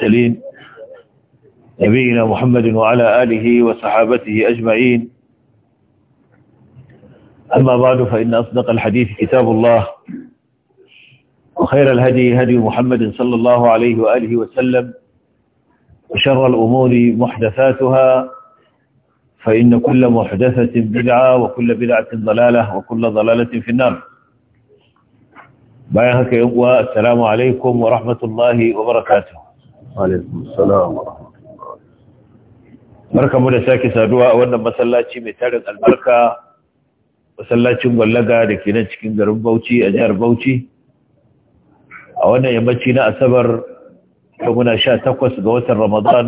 سليم نبينا محمد وعلى آله وصحابته أجمعين أما بعد فإن أصدق الحديث كتاب الله وخير الهدي هدي محمد صلى الله عليه وآله وسلم وشر الأمور محدثاتها فإن كل محدثة بدعة وكل بدعة ضلالة وكل ضلالة في النار بايهك السلام عليكم ورحمة الله وبركاته alaikum salam barka mu da sake saduwa a wannan masallaci mai tarin albarka masallacin gwallaga da ke nan cikin garin Bauchi a jihar Bauchi a wannan yammaci na asabar ta muna sha takwas ga watan Ramadan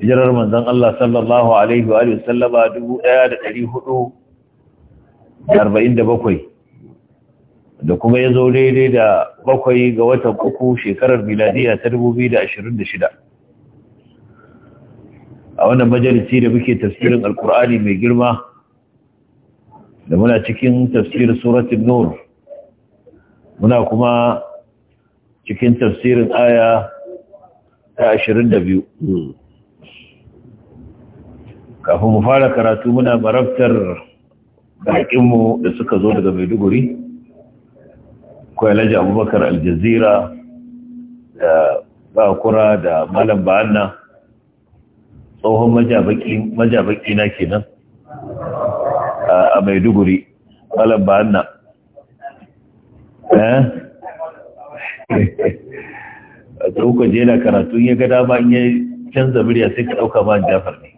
jirar manzan Allah sallallahu alaihi wa sallama bakwai. da kuma ya zo daidai da bakwai ga watan uku shekarar miladiya ta 2026 a wannan majalisi da muke tafsirin alkur'ani mai girma da muna cikin tafsirin suratun nur muna kuma cikin tafsirin aya ta 22 kafin mu fara karatu muna marabtar haƙinmu da suka zo daga maiduguri akwai abubakar aljazira da bakura da malam ba'anna tsohon majabaki na kenan a maiduguri malam ba'anna eh? a je na karatu ya gada ba in yi canza murya sai ka ɗauka ma jafar ne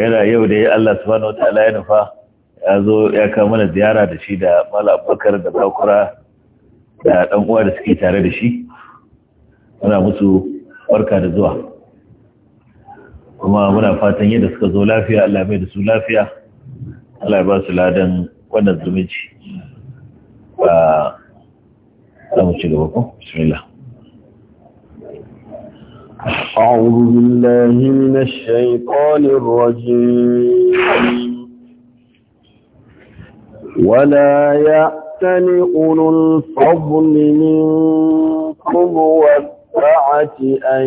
yana yau da ya Allah subhanahu wa ta'ala ya nufa ya zo ya kawo mana ziyara da shi da mala abubakar da bakura da ɗan uwa da suke tare da shi muna musu barka da zuwa kuma muna fatan yadda suka zo lafiya Allah mai da su lafiya Allah ya ba su ladan wannan zumunci ba za mu ci gaba ko bismillah أعوذ بالله من الشيطان الرجيم ولا يأتل أولو الفضل منكم والسعة أن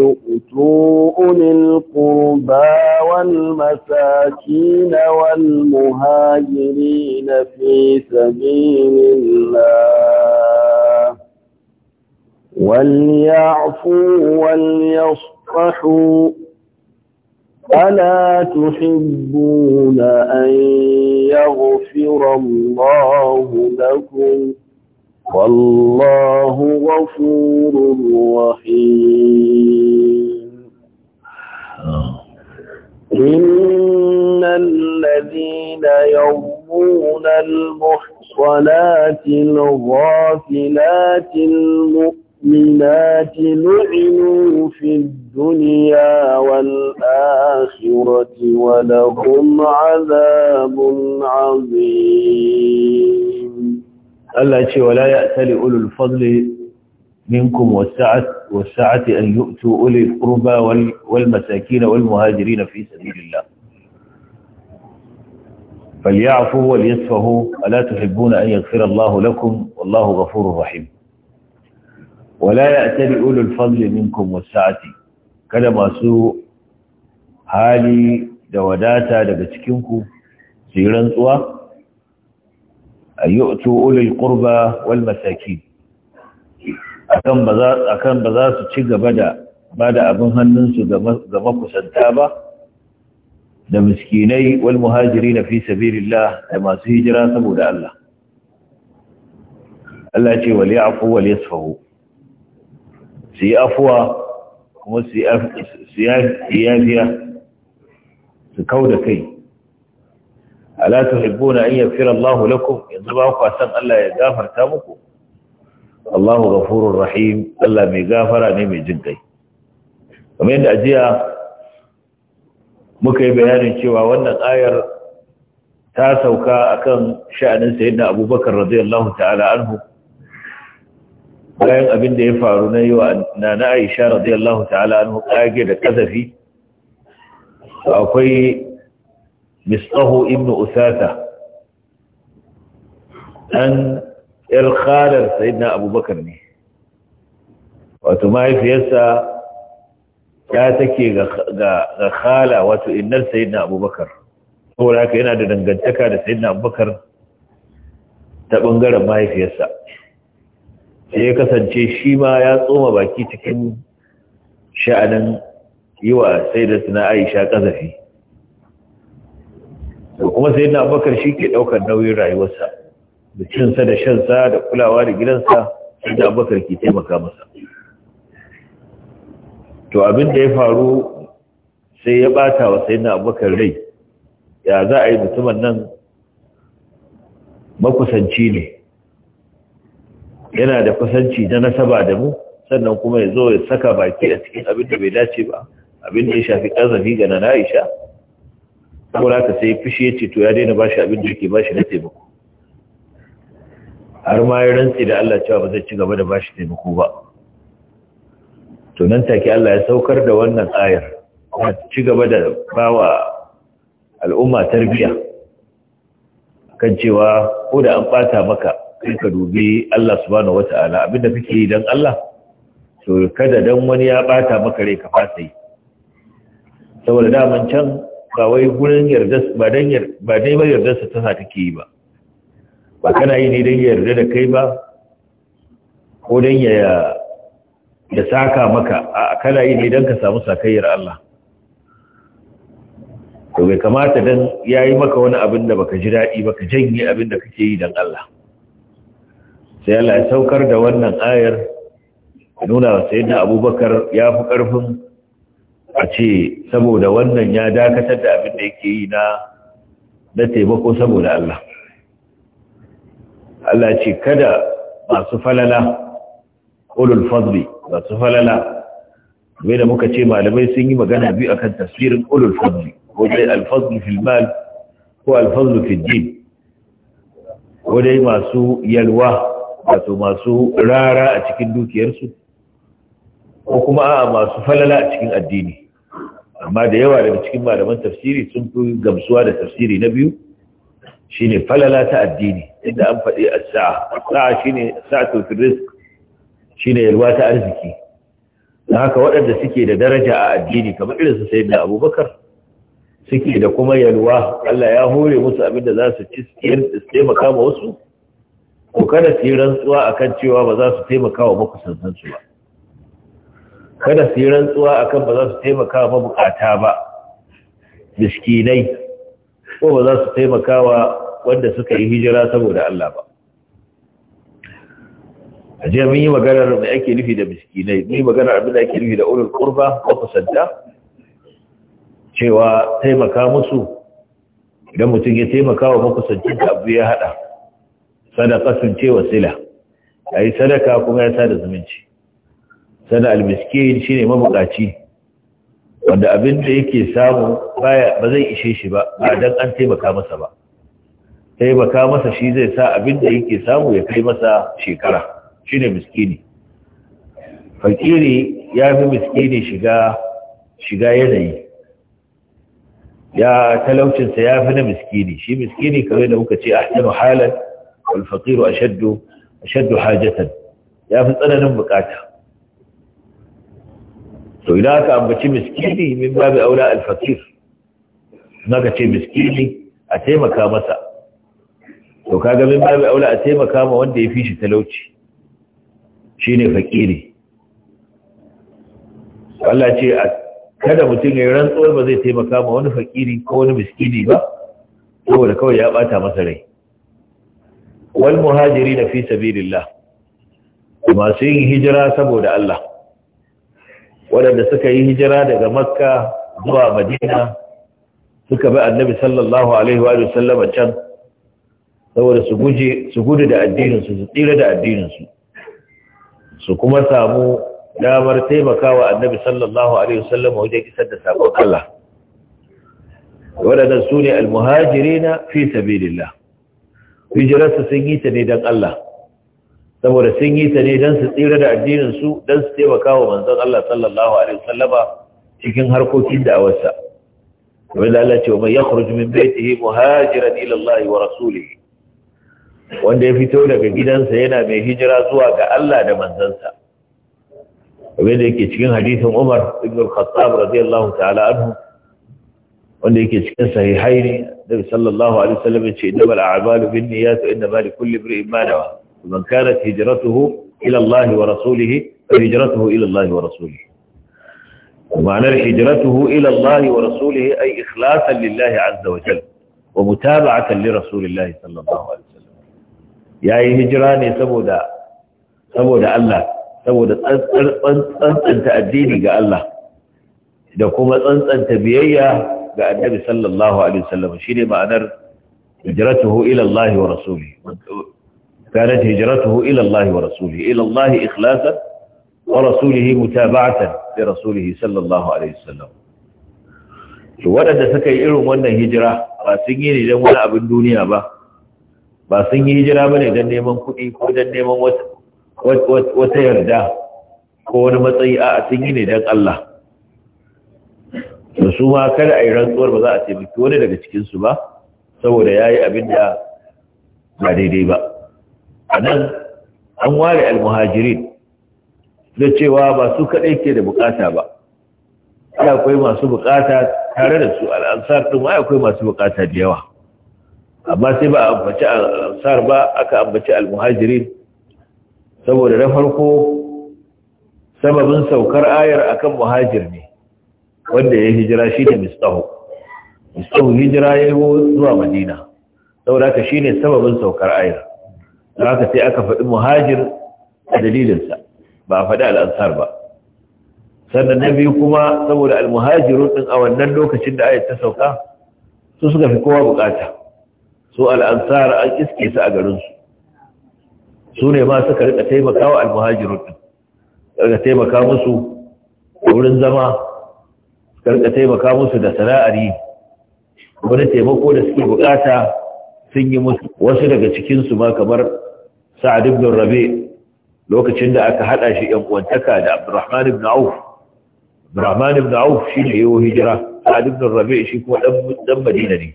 يؤتوا أولي القربى والمساكين والمهاجرين في سبيل الله وليعفوا وليصفحوا ألا تحبون أن يغفر الله لكم والله غفور رحيم إن الذين يرمون المحصنات الغافلات المؤمنين المؤمنات لعنوا في الدنيا والآخرة ولهم عذاب عظيم الله يقول ولا يأتل أولو الفضل منكم والسعة, والسعة أن يؤتوا أولي القربى والمساكين والمهاجرين في سبيل الله فليعفوا وليصفهوا ألا تحبون أن يغفر الله لكم والله غفور رحيم wala tari ulul fadli minkum wasa'ati kada masu hali da wadata daga cikin ku su rantsuwa ayyutu ulul qurba wal masakin akan baza akan ba za su ci gaba da bada abin hannunsu ga makusanta ba da miskinai wal muhajiri na fi sabirillah da masu hijira saboda Allah. Allah ce wal ya'fu wal yasfahu su yi afuwa kuma su yi yafiya su kau da kai alatu hibbuna an yafira Allahu lakum yanzu ba ku san Allah ya gafarta muku Allahu ghafurur rahim Allah mai gafara ne mai jin kai kamar yadda ajiya muka yi bayanin cewa wannan ayar ta sauka akan sha'anin sayyidina Abubakar radiyallahu ta'ala anhu bayan abin da ya faru na yi wa nana aisha radiyallahu ta'ala an kage da kazafi akwai mistahu ibnu usata an ƴar khalar sayyidina abubakar ne wato mahaifiyarsa ya take ga khala wato innar sayyidina abubakar saboda haka yana da dangantaka da sayyidina abubakar ta bangaren mahaifiyarsa sai ya kasance shi ma ya tsoma baki cikin sha'anin yi wa sai da suna aisha ƙazafi da kuma sai na bakar shi ke ɗaukar nauyin rayuwarsa da cinsa da shansa da kulawa da gidansa sai da bakar ke taimaka masa to abin da ya faru sai ya ɓata wa sai na bakar rai ya za a yi mutumin nan makusanci ne yana da kusanci na nasaba da mu sannan kuma ya zo ya saka baki a cikin abin da bai dace ba abin da ya shafi ƙazafi ga na Aisha saboda ka sai fushi ya ce to ya daina bashi abin da yake bashi na taimako har ma ya rantsi da Allah cewa ba zai ci gaba da bashi taimako ba to nan take Allah ya saukar da wannan ayar ya ci gaba da bawa al'umma tarbiya kan cewa ko da an bata maka sai ka dubi Allah subhanahu wata'ala abinda kake yi dan Allah to kada dan wani ya bata maka rai ka fasa yi saboda daman can ba wai gurin yarda ba dan ba dai ba yarda sa tana take yi ba ba kana yi ne dan yarda da kai ba ko dan ya ya saka maka a kana yi ne dan ka samu sakayyar Allah to bai kamata dan yayi maka wani abin da baka ji dadi baka janye abin da kake yi dan Allah sai Allah ya saukar da wannan ayar nuna wa sayyidina abubakar ya fi ƙarfin a ce saboda wannan ya dakatar da abin da yake yi na na taimako saboda Allah Allah ce kada masu falala ulul fadli masu falala bai da muka ce malamai sun yi magana biyu akan tasirin ulul fadli ko dai alfadlu fil ko alfadlu fijin ko dai masu yalwa wato masu rara a cikin dukiyarsu ko kuma a masu falala a cikin addini amma da yawa daga cikin malaman tafsiri sun fi gamsuwa da tafsiri na biyu shine falala ta addini inda an faɗi a saa sa'a shine sa'atul shi shine yalwa ta arziki da haka waɗanda suke da daraja a addini kamar irin su sayyidina Abubakar suke da kuma yalwa Allah ya hore musu abinda za su ci su taimaka ma wasu ko kada su yi rantsuwa kan cewa ba za su taimaka wa makusantansu ba kada su yi rantsuwa kan ba za su taimaka wa mabukata ba miskinai ko ba za su taimaka wa wanda suka yi hijira saboda Allah ba a jiya mun yi maganar da ake nufi da miskinai mun yi maganar abin da ake nufi da ulul qurba ko kusanta cewa taimaka musu idan mutum ya taimaka wa makusancin da abu ya hada sun ce wasila yi sadaka kuma ya sada zumunci sada almiskin ne mabukaci wanda abin da yake samu ba zai ishe shi ba ba dan an taimaka masa ba taimaka masa shi zai sa abin da yake samu ya kai masa shekara ne miskini fakiri ya fi miskini shiga yanayi ya talaucinsa ya fi na miskini shi miskini kawai da muka ce a halal wal faqiru ashaddu ashaddu hajatan ya fi tsananin bukata to idan aka ambaci miskini min babu aula al faqir naka ce miskini a taimaka masa to kaga min babu aula a taimaka ma wanda ya fi shi talauci shine fakiri Allah ce kada mutum ya rantsuwar ba zai taimaka ma wani fakiri ko wani miskini ba da kawai ya bata masa rai wal na fi sabilillah masu yin hijira saboda Allah waɗanda suka yi hijira daga makka zuwa madina suka bi annabi sallallahu alaihi wa sallama can saboda su gudu da addininsu su tsira da addininsu su kuma samu damar taimakawa annabi sallallahu alaihi wa wajen kisar da sabon Allah waɗannan su ne almuhajirina fi sabilillah hijirarsu sun yi ta ne don Allah saboda sun yi ta ne don su tsira da addininsu don su taimaka wa manzon Allah sallallahu alaihi wasallama cikin harkokin da'awarsa wanda Allah ce wa man bai min baytihi muhajiran ila Allah wa rasuli wanda ya fito daga gidansa yana mai hijira zuwa ga Allah da manzansa da yake cikin hadisin Umar ibn al-Khattab radiyallahu ta'ala anhu wanda yake cikin sahihaini da sallallahu alaihi wasallam ya ce innamal a'malu binniyati wa innamal likulli imrin ma nawa man kanat hijratuhu ila Allah wa rasulih fa hijratuhu ila Allah wa rasulih ma'anar hijratuhu ila Allah wa rasulih ay ikhlasan lillahi azza wa jalla wa mutaba'atan li rasulillah sallallahu alaihi wasallam yayi hijira ne saboda saboda Allah saboda tsantsanta addini ga Allah da kuma tsantsanta biyayya ga annabi sallallahu alaihi wasallam shine ma'anar hijratuhu ila Allah wa rasulihi كانت هجرته إلى الله ورسوله إلى الله إخلاصا ورسوله متابعة لرسوله صلى الله عليه To waɗanda suka yi irin wannan hijira ba sun yi ne don wani abin duniya ba ba sun yi hijira ba ne don neman kuɗi ko don neman wata yarda ko wani matsayi a sun yi ne don Allah da su ma kada a yi rantsuwar ba za a taimaki wani daga cikinsu ba saboda ya yi abin da ba daidai ba a an ware almuhajirin da cewa ba su kaɗai ke da bukata ba ya akwai masu bukata tare da su al'ansar ɗin ma akwai masu bukata da yawa amma sai ba a ambaci al'ansar ba aka ambaci almuhajirin saboda na farko sababin saukar ayar akan muhajir ne wanda ya hijira shi ne mistahu mistahu hijira ya yi zuwa madina saboda haka shi ne sababin saukar ayar da haka sai aka faɗi muhajir a dalilinsa ba a faɗi al'ansar ba sannan na biyu kuma saboda al-muhajiru ɗin a wannan lokacin da ayar ta sauka su suka fi kowa bukata su al'ansar an iske su a garinsu su ne ma suka rika taimaka wa al-muhajiru ɗin rika taimaka musu wurin zama karka taimaka musu da sana'ar yi wani taimako da suke bukata sun yi musu wasu daga cikinsu ma kamar sa'ad ibn Rabe lokacin da aka hada shi yan uwantaka da abdurrahman ibn auf abdurrahman ibn auf shi ne yawo hijira sa'ad ibn Rabe shi kuma dan madina ne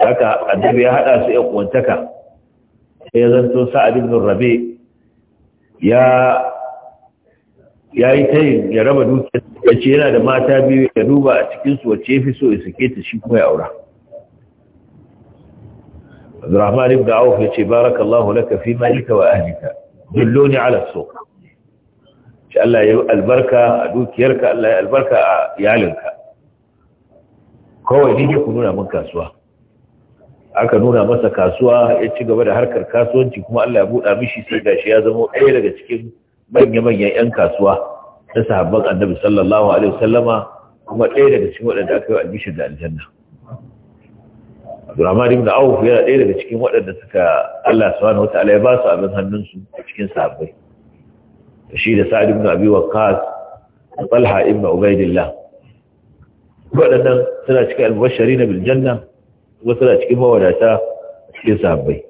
haka annabi ya hada su yan uwantaka sai ya zanto sa'ad ibn Rabe ya ya yi tayin ya raba dukiyar ya ce yana da mata biyu ya duba a cikinsu wacce fi so ya sake ta shi kuma ya aura Abdurrahman ibn Awuf ya ce barakallahu laka fi malika wa ahlika ne ala so shi Allah ya albarka a dukiyarka Allah ya albarka a iyalinka kawai ne ku nuna min kasuwa aka nuna masa kasuwa ya ci gaba da harkar kasuwanci kuma Allah ya buɗa mishi sai gashi ya zama ɗaya daga cikin manya-manyan 'yan kasuwa na sahabban annabi sallallahu alaihi wasallama kuma ɗaya daga cikin waɗanda aka yi albishir da aljanna Abdurrahman ibn Auf yana ɗaya daga cikin waɗanda suka Allah subhanahu wata'ala ya ba su abin hannunsu a cikin sahabbai shi da Sa'ad ibn Abi Waqqas da Talha ibn Ubaidillah waɗannan suna cikin albashari na biljanna kuma suna cikin mawadata cikin sahabbai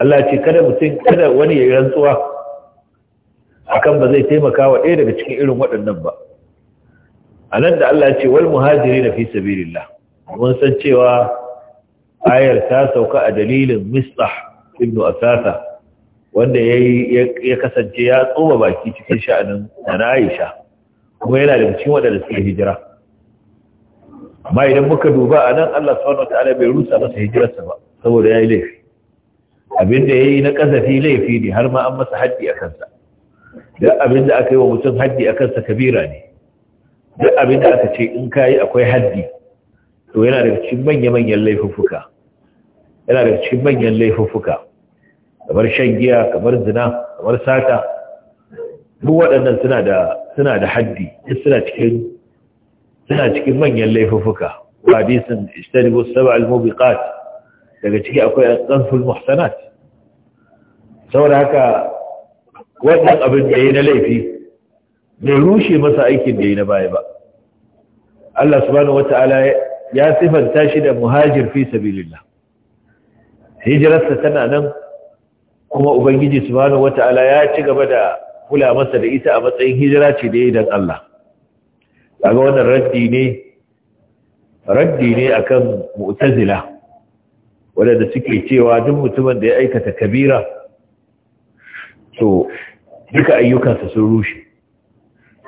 Allah ce kada mutum kada wani ya yi rantsuwa akan ba zai taimaka wa ɗaya daga cikin irin waɗannan ba a nan da Allah ce wal muhajiri na fi sabilillah mun san cewa ayar ta sauka a dalilin mislah ibn asasa wanda ya kasance ya tsoma baki cikin sha'anin na Aisha kuma yana da cikin waɗanda suke hijira amma idan muka duba a nan Allah subhanahu wataala bai rusa masa hijirarsa ba saboda ya yi laifi abin da ya yi na ƙazafi laifi ne har ma an masa haddi a kansa duk abin da aka yi wa mutum haddi a kansa kabira ne duk abin da aka ce in kayi akwai haddi to yana daga cikin manya-manyan laifuffuka yana daga cikin manyan laifuffuka kamar shan giya kamar zina kamar sata duk waɗannan suna da suna da haddi suna cikin suna cikin manyan laifuffuka hadisin ijtanibu sab'al mubiqat daga ciki akwai qazful muhsanat saboda haka wannan abin da yi na laifi bai rushe masa aikin da yi na baya ba Allah subhanahu Ta'ala ya sifanta shi da muhajir fi sabilillah hijirarsa tana nan kuma ubangiji subhanahu Ta'ala ya ci gaba da kula masa da ita a matsayin hijira ce da yayi dan Allah kaga wannan raddi ne raddi ne akan mu'tazila waɗanda suke cewa duk mutumin da ya aikata kabira to duka ayyukansa sun rushe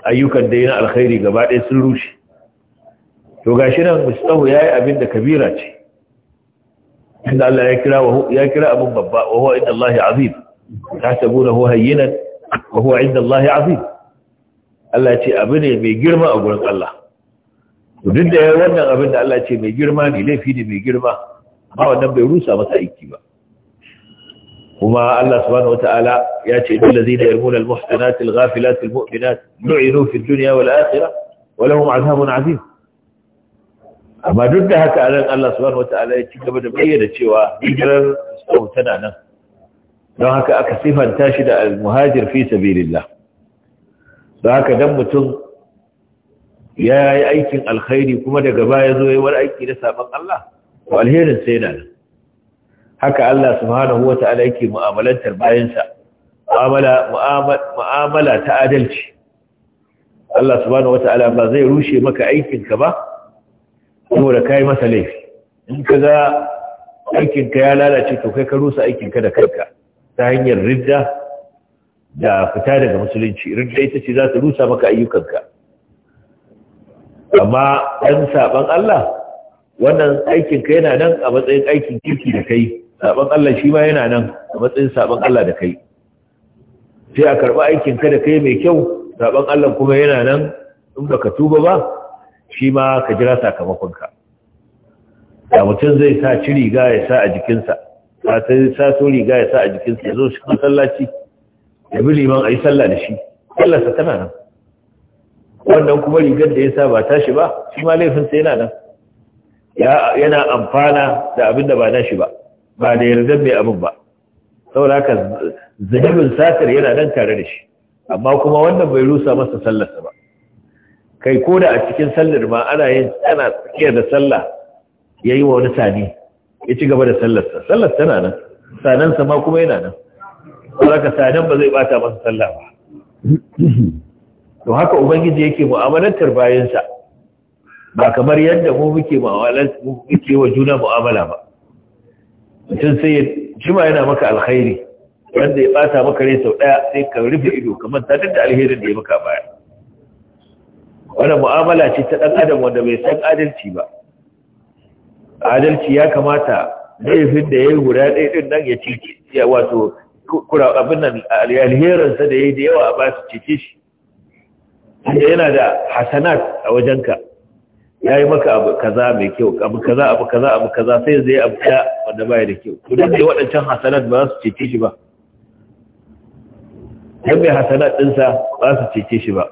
ayyukan da yana alkhairi gaba ɗaya sun rushe to ga shi nan mustahu yayi abin da kabira ce inda Allah ya kira abin babba wa huwa inda Allah azim na tasabunahu hayyinan wa huwa inda Allah ya azim Allah ce abu ne mai girma a gurin Allah duk da ya wannan abin da Allah ce mai girma ne laifi ne mai girma ba wannan bai rusa masa aiki ba kuma Allah subhanahu wataala ya ce duk lazina yarmuna almuhsanat alghafilat almu'minat lu'inu fi dunya wal akhirah wa lahum azabun azim amma duk da haka anan Allah subhanahu wataala ya ci gaba da bayyana cewa hijirar sau tana nan don haka aka sifanta shi da almuhajir fi sabilillah don haka dan mutum ya yi aikin alkhairi kuma daga baya zo yi wani aiki na sabon Allah to alherin sai yana nan haka Allah subhanahu wa ta'ala yake mu'amalantar bayansa mu'amala ta adalci Allah subhanahu wa Ta'ala ba zai rushe maka aikinka ba da kai masa laifi in ka ga aikinka ya lalace to kai ka rusa aikinka da kanka ta hanyar ridda da fita daga musulunci ridda ita ce za ta rusa maka ayyukan ka. amma ɗan saɓan Allah wannan aikin ka yana nan a matsayin aikin kirki da kai sabon Allah shi ma yana nan a matsayin sabon Allah da kai sai a karɓi aikin ka da kai mai kyau sabon Allah kuma yana nan in baka tuba ba shi ma ka jira sakamakon ka da mutum zai sa ci riga ya sa a jikinsa ba sai sa so riga ya sa a jikinsa ya zo shi masallaci ya bi liman ayi sallah da shi sa tana nan wannan kuma rigar da ya sa ba tashi ba shi ma laifinsa yana nan yana amfana da abin da ba nashi ba ba da yarda mai abin ba saboda haka zunubin satir yana nan tare da shi amma kuma wannan bai rusa masa sallarsa ba kai ko da a cikin sallar ma ana yin ana tsakiya da sallah ya yi wa wani sani ya ci gaba da sallarsa sallar tana nan sanansa ma kuma yana nan saboda haka sanan ba zai bata masa sallah ba to haka ubangiji yake mu'amalantar bayansa ba kamar yadda mu muke muke wa juna mu'amala ba mutum sai shi yana maka alkhairi wanda ya bata maka rai sau daya sai ka rufe ido kamar ta da alherin da ya maka baya wannan mu'amala ce ta dan adam wanda bai san adalci ba adalci ya kamata laifin da ya yi guda ɗaya ɗin nan ya cike ya wato kura abin nan alherinsa da ya yi da yawa ba su cike shi yana da hasanat a wajenka ya yi maka abu kaza mai kyau abu kaza abu kaza abu kaza sai zai abu ta wanda bai da kyau to dai waɗancan hasanat ba su cece shi ba dan mai hasanat ɗinsa ba su cece shi ba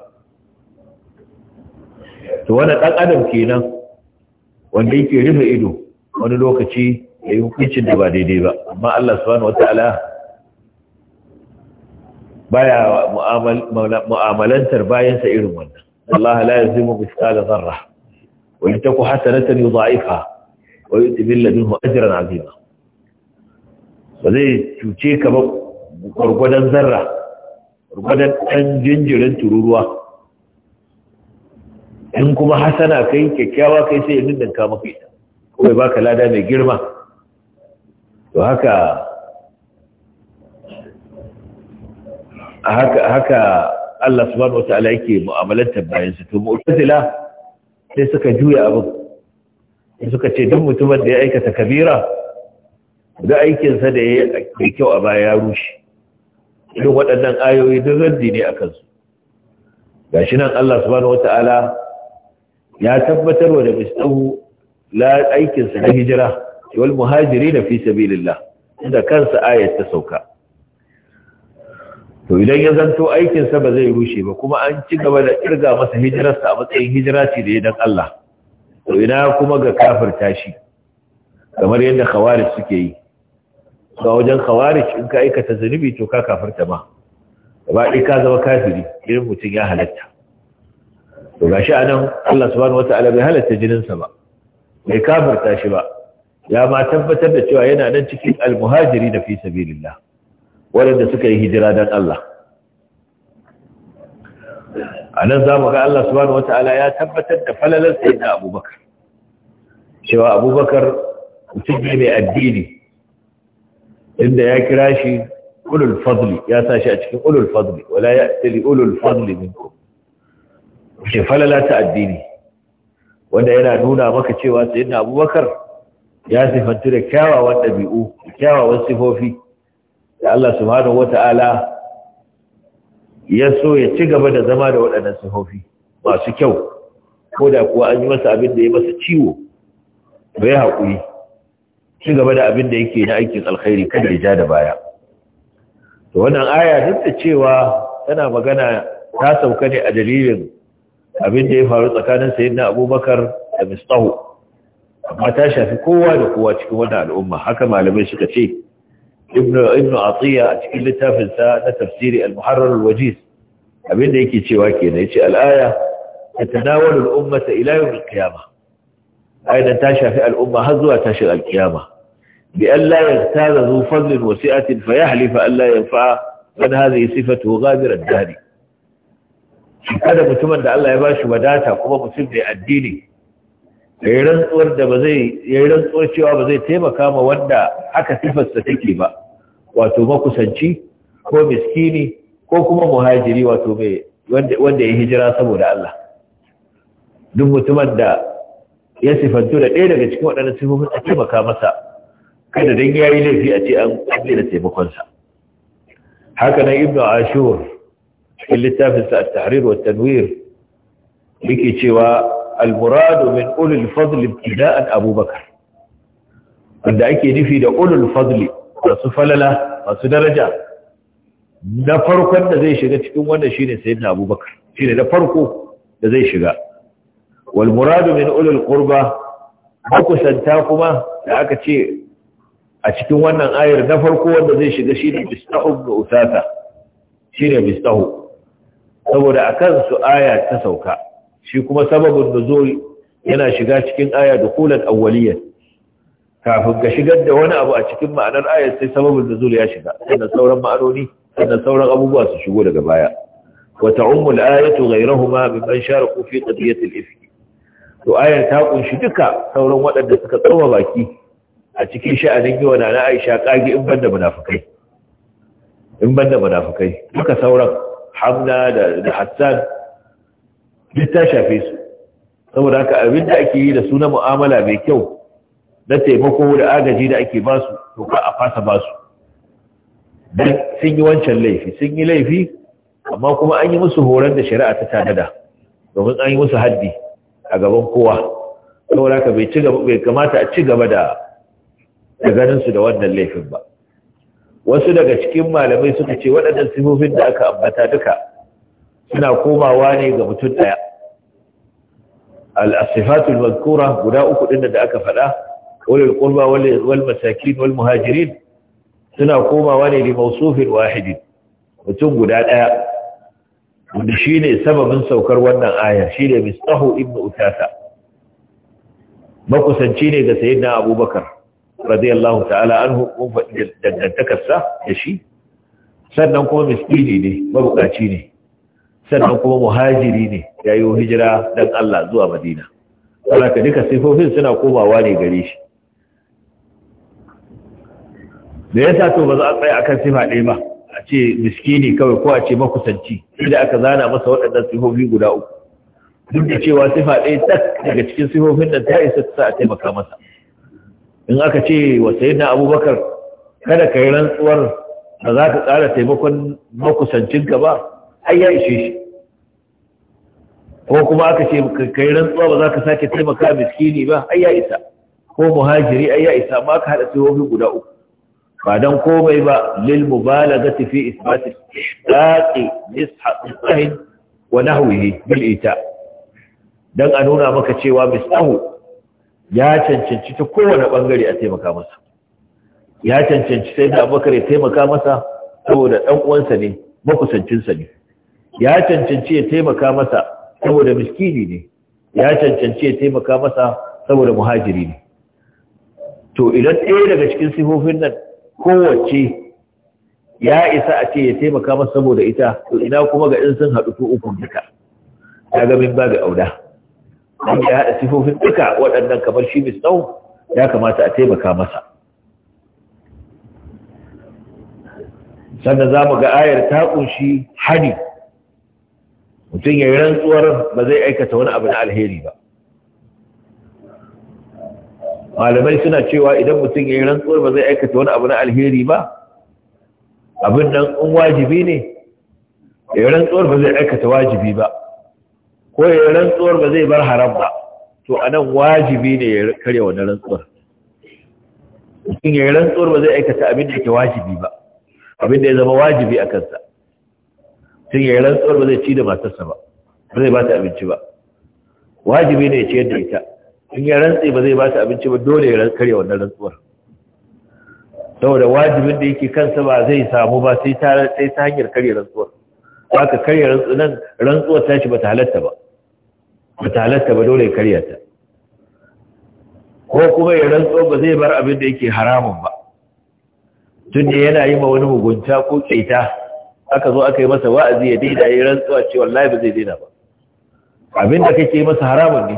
to wani ɗan adam kenan wanda yake rufe ido wani lokaci ya yi hukuncin da ba daidai ba amma Allah subhanahu wataala baya mu'amalantar bayansa irin wannan Allah la yazimu bi zarra وإن تك حسنة يضاعفها ويؤتي من لدنه أجرا عظيما فزي تشيك رغدا ذرة رغدا أن جنجل تروروا in kuma hasana kai kyakkyawa kai sai ya ninninka maka ita kuma baka lada mai girma to haka haka haka Allah subhanahu wataala yake mu'amalantar bayansa to mu'tazila sai suka juya abin suka ce duk mutumin da ya aikata kabira da aikinsa da ya yi kyau a baya ya rushe irin waɗannan ayoyi duk raddi ne a kansu ga shi nan Allah subhanahu wata'ala ya tabbatar wa da mistahu la aikinsa na hijira wal muhajiri na fi sabilillah inda kansa ayat ta sauka to idan ya zanto aikinsa ba zai rushe ba kuma an ci gaba da kirga masa hijirarsa a matsayin hijira ce da ya dan Allah to ina kuma ga kafirta shi kamar yadda khawarij suke yi to a wajen khawarij in ka aikata zunubi to ka kafirta ma gaba ɗaya ka zama kafiri irin mutum ya halatta to gashi anan Allah subhanahu wata'ala bai halatta jininsa ba bai kafirta shi ba ya ma tabbatar da cewa yana nan cikin almuhajiri da fi sabilillah waɗanda suka yi hijira don Allah a nan za mu ga Allah subhanahu wa ta'ala ya tabbatar da falalar sai da abubakar cewa abubakar mutum ne mai addini inda ya kira shi ulul fadli ya sa shi a cikin ulul fadli wala ya tali ulul fadli minkum shi falala ta addini wanda yana nuna maka cewa sayyidina abubakar ya sifanti da kyawawan ɗabi'u kyawawan sifofi da Allah subhanahu wata'ala ya so ya ci gaba da zama da waɗannan sahofi masu kyau ko da kuwa an yi masa abin da ya masa ciwo bai haƙuri ci gaba da abin da yake na aikin alkhairi kada ya ja da baya to wannan aya duk da cewa tana magana ta sauka ne a dalilin abin da ya faru tsakanin na abubakar da mistahu amma ta shafi kowa da kowa cikin wannan al'umma haka malamai suka ce ابن ابن عطية أتكلم تافل تا تفسير المحرر الوجيز أبين يكي تشواكي نيتي الآية تتناول الأمة إلى يوم القيامة أين تاشى في الأمة هزوة تاشى القيامة بأن لا يغتال ذو فضل وسعه فيحلف أن لا ينفع من هذه صفته غادر الدهر هذا متمنى أن لا يباش وداتا قوة مسلمة الديني yayi rantsuwar da ba zai yi rantsuwar cewa ba zai taimaka ma wanda aka sifarsa take ba wato makusanci ko miskini ko kuma muhajiri wato mai wanda ya hijira saboda Allah duk mutumin da ya sifantu da ɗaya daga cikin waɗannan sifofin a taimaka masa kada dan yayi laifi a ce an kalle da taimakonsa haka nan ibnu ashur cikin littafinsa at-tahrir wa at-tanwir yake cewa al-muradu min ulul fadli ibtida'an abubakar wanda ake nufi da ulul fadli masu falala masu daraja na farkon da zai shiga cikin wannan shine sayyidina abubakar shine na farko da zai shiga wal min ulul qurba makusanta kuma da aka ce a cikin wannan ayar na farko wanda zai shiga shine bistahu da usata saboda su aya ta sauka shi kuma sababin nuzul yana shiga cikin aya da kulan awwaliyan kafin ka shigar da wani abu a cikin ma'anar ayar sai sababin nuzul ya shiga sannan sauran ma'anoni sannan sauran abubuwa su shigo daga baya Wata ummul ayatu ghayrahuma mimman sharaku fi qadiyati al-ifk to ayar ta kunshi duka sauran waɗanda suka tsoma baki a cikin sha'anin yi wa na Aisha kage in banda munafikai in banda munafikai duka sauran Hamna da Hassan duk ta shafe su saboda haka abin da ake yi da su na mu'amala mai kyau na taimako da agaji da ake ba su to ka a fasa ba su dan sun yi wancan laifi sun yi laifi amma kuma an yi musu horon da shari'a ta tanada domin an yi musu haddi a gaban kowa saboda haka bai kamata a ci gaba da da ganin su da wannan laifin ba wasu daga cikin malamai suka ce waɗannan sifofin da aka ambata duka suna komawa ne ga mutum ɗaya al-asifatul mazkura guda uku ɗin da aka faɗa ulul qurba wal masakin wal muhajirin suna komawa ne li mawsufin wahidin mutum guda ɗaya wanda shine sababin saukar wannan aya shine mistahu ibnu utasa makusanci ne ga sayyidina abubakar radiyallahu ta'ala anhu mun faɗi dangantakarsa da shi sannan kuma miskini ne mabukaci ne sannan kuma muhajiri ne ya yi hijira don Allah zuwa madina saboda duka sifofin suna komawa ne gare shi da ya to ba za a tsaya akan sifa ɗaya ba a ce miskini kawai ko a ce makusanci inda aka zana masa waɗannan sifofi guda uku duk da cewa sifa ɗaya tak daga cikin sifofin da ta isa ta a taimaka masa in aka ce wa sayyidina abubakar kada ka yi rantsuwar ba za ka ƙara taimakon makusancinka ba ai ya ishe shi ko kuma aka ce kai rantsuwa ba za ka sake taimaka miskini ba ai ya isa ko muhajiri ai ya isa ma ka hada sihohi guda uku ba dan komai ba lil mubalagati fi isbat istaqi nishatin wa nahwihi bil ita dan a nuna maka cewa misahu ya cancanci ta kowane bangare a taimaka masa ya cancanci sai da abubakar ya taimaka masa saboda dan uwansa ne makusancinsa ne ya cancanci ya taimaka masa saboda miskini ne ya cancanci ya taimaka masa saboda muhajiri ne to idan ɗaya daga cikin sifofin nan kowace ya isa a ce ya taimaka masa saboda ita to ina kuma ga in sun haɗu to uku duka ya ga min babu auda an ya haɗa sifofin duka waɗannan kamar shi mai tsawo ya kamata a taimaka masa sannan za mu ga ayar ta ƙunshi hani mutum ya yi rantsuwar ba zai aikata wani abu na alheri ba malamai suna cewa idan mutum ya yi rantsuwar ba zai aikata wani abu na alheri ba abin nan in wajibi ne ya yi rantsuwar ba zai aikata wajibi ba ko ya yi rantsuwar ba zai bar haram ba to a nan wajibi ne ya karya wani rantsuwar mutum ya yi rantsuwar ba zai aikata abin da yake wajibi ba abin da ya zama wajibi a kansa ya yi rantsuwar ba zai ci da matarsa ba ba zai ba ta abinci ba wajibi ne ya ciyar da ita in ya rantsi ba zai ba ta abinci ba dole ya karya wannan rantsuwar saboda wajibin da yake kansa ba zai samu ba sai ta sai ta hanyar karya rantsuwar haka karya nan, rantsuwar tashi ba ta halatta ba ba ta halatta ba dole ya karya ta ko kuma ya rantsuwar ba zai bar abin da yake haramun ba tun da yana yi ma wani mugunta ko kaita aka zo aka yi masa wa'azi ya daina ya rantsuwa ce wallahi ba zai daina ba abin da kake masa haramun ne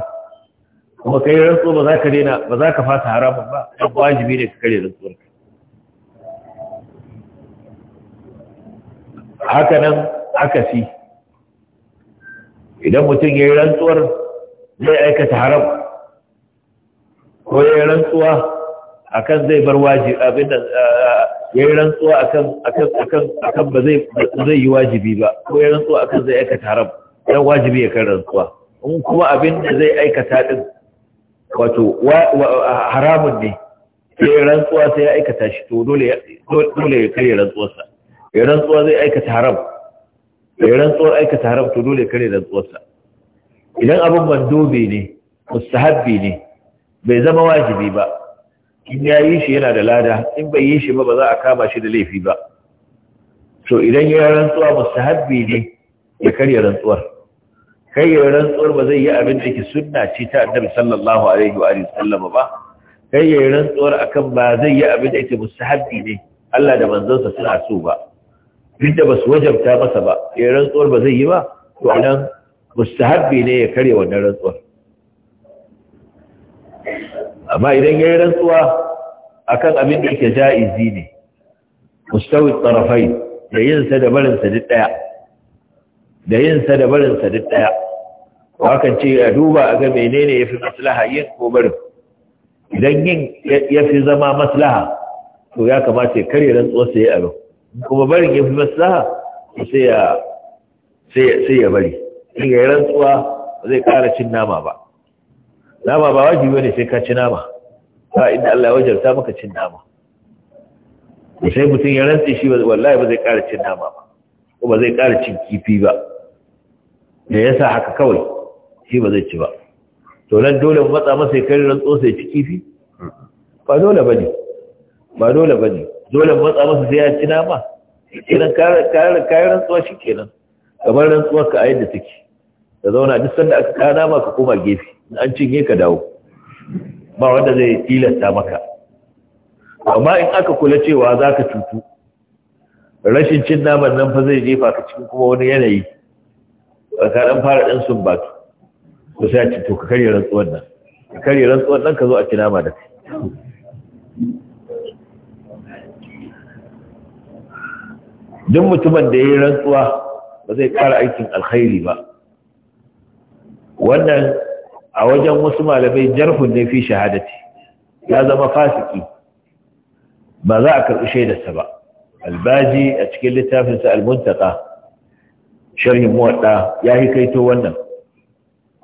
kuma kai rantsu ba za ka daina ba za ka fasa haramun ba dan wajibi ne ka kare rantsuwar haka nan aka fi idan mutum ya yi rantsuwar zai aikata haram ko ya yi rantsuwa akan zai bar wajibi abin da ya yi rantsuwa akan ba zai yi wajibi ba ko ya rantsuwa akan zai aikata haram dan wajibi ya kan rantsuwa in kuma abin da zai aikata din wato haramun ne yi rantsuwa sai ya aikata shi to dole ya kare rantsuwarsa ya rantsuwa zai aikata haram ya rantsuwa aikata haram to dole ya kare rantsuwarsa idan abin mandobi ne mustahabbi ne bai zama wajibi ba in ya yi shi yana da lada in bai yi shi ba ba za a kama shi da laifi ba so idan ya rantsuwa mustahabbi ne ya karya rantsuwar karya rantsuwar ba zai yi abin da ke sunna ce ta annabi sallallahu alaihi wa alihi sallama ba karya rantsuwar akan ba zai yi abin da yake mustahabbi ne Allah da manzonsa suna so ba duk da basu wajabta masa ba ya rantsuwar ba zai yi ba to anan mustahabbi ne ya karya wannan rantsuwar amma idan ya yi rantsuwa a kan abin da ke ja'izi ne mustawi tsarafai da yinsa da barinsa duk ɗaya da yinsa da barinsa duk ɗaya wakan ce a duba a ga menene ya fi maslaha yin ko barin idan yin ya fi zama maslaha to ya kamata ya rantsuwa sai ya abin kuma barin ya fi maslaha sai ya bari in ya yi rantsuwa zai ƙara cin nama ba nama ba wajibi ne sai ka ci nama ba inda Allah ya wajarta maka cin nama da sai mutum ya rantse shi wallahi ba zai ƙara cin nama ba ko ba zai ƙara cin kifi ba da ya sa haka kawai shi ba zai ci ba to nan dole mu matsa masa ya kari rantso sai ci kifi ba dole ba ne ba dole ba ne dole mu matsa masa sai ya ci nama kenan kayan rantsuwa shi kenan kamar rantsuwa ka a yadda take ka zauna duk sanda aka kana ma ka koma gefe an cinye ka dawo ba wanda zai tilasta maka amma in aka kula cewa za ka cutu rashin cin naman nan fa zai jefa ka cikin kuma wani yanayi a ɗan fara ɗin sun batu to sai a ci to ka karye rantsuwan nan ka karye rantsuwan nan ka zo a ci nama da kai duk mutumin da ya yi rantsuwa ba zai ƙara aikin alkhairi ba wannan a wajen wasu malamai jarhun ne fi shahadati ya zama fasiki ba za a karɓi shaidarsa ba albaji a cikin littafinsa almuntaka sharhin muwadda ya fi kaito wannan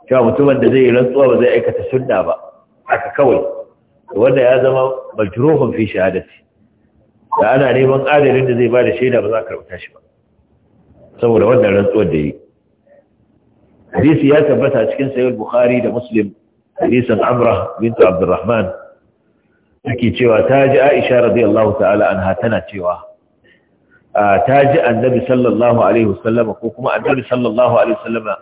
cewa mutumin da zai yi rantsuwa ba zai aikata sunna ba Aka kawai wanda ya zama majruhun fi shahadati da ana neman adalin da zai ba da shaida ba za a karɓi tashi ba saboda wannan rantsuwar da yi hadisi ya tabbata cikin sayar bukhari da muslim hadisin amra bintu abdurrahman take cewa ta ji aisha radiyallahu ta'ala anha tana cewa ta ji annabi sallallahu alaihi wasallama ko kuma annabi sallallahu alaihi wasallama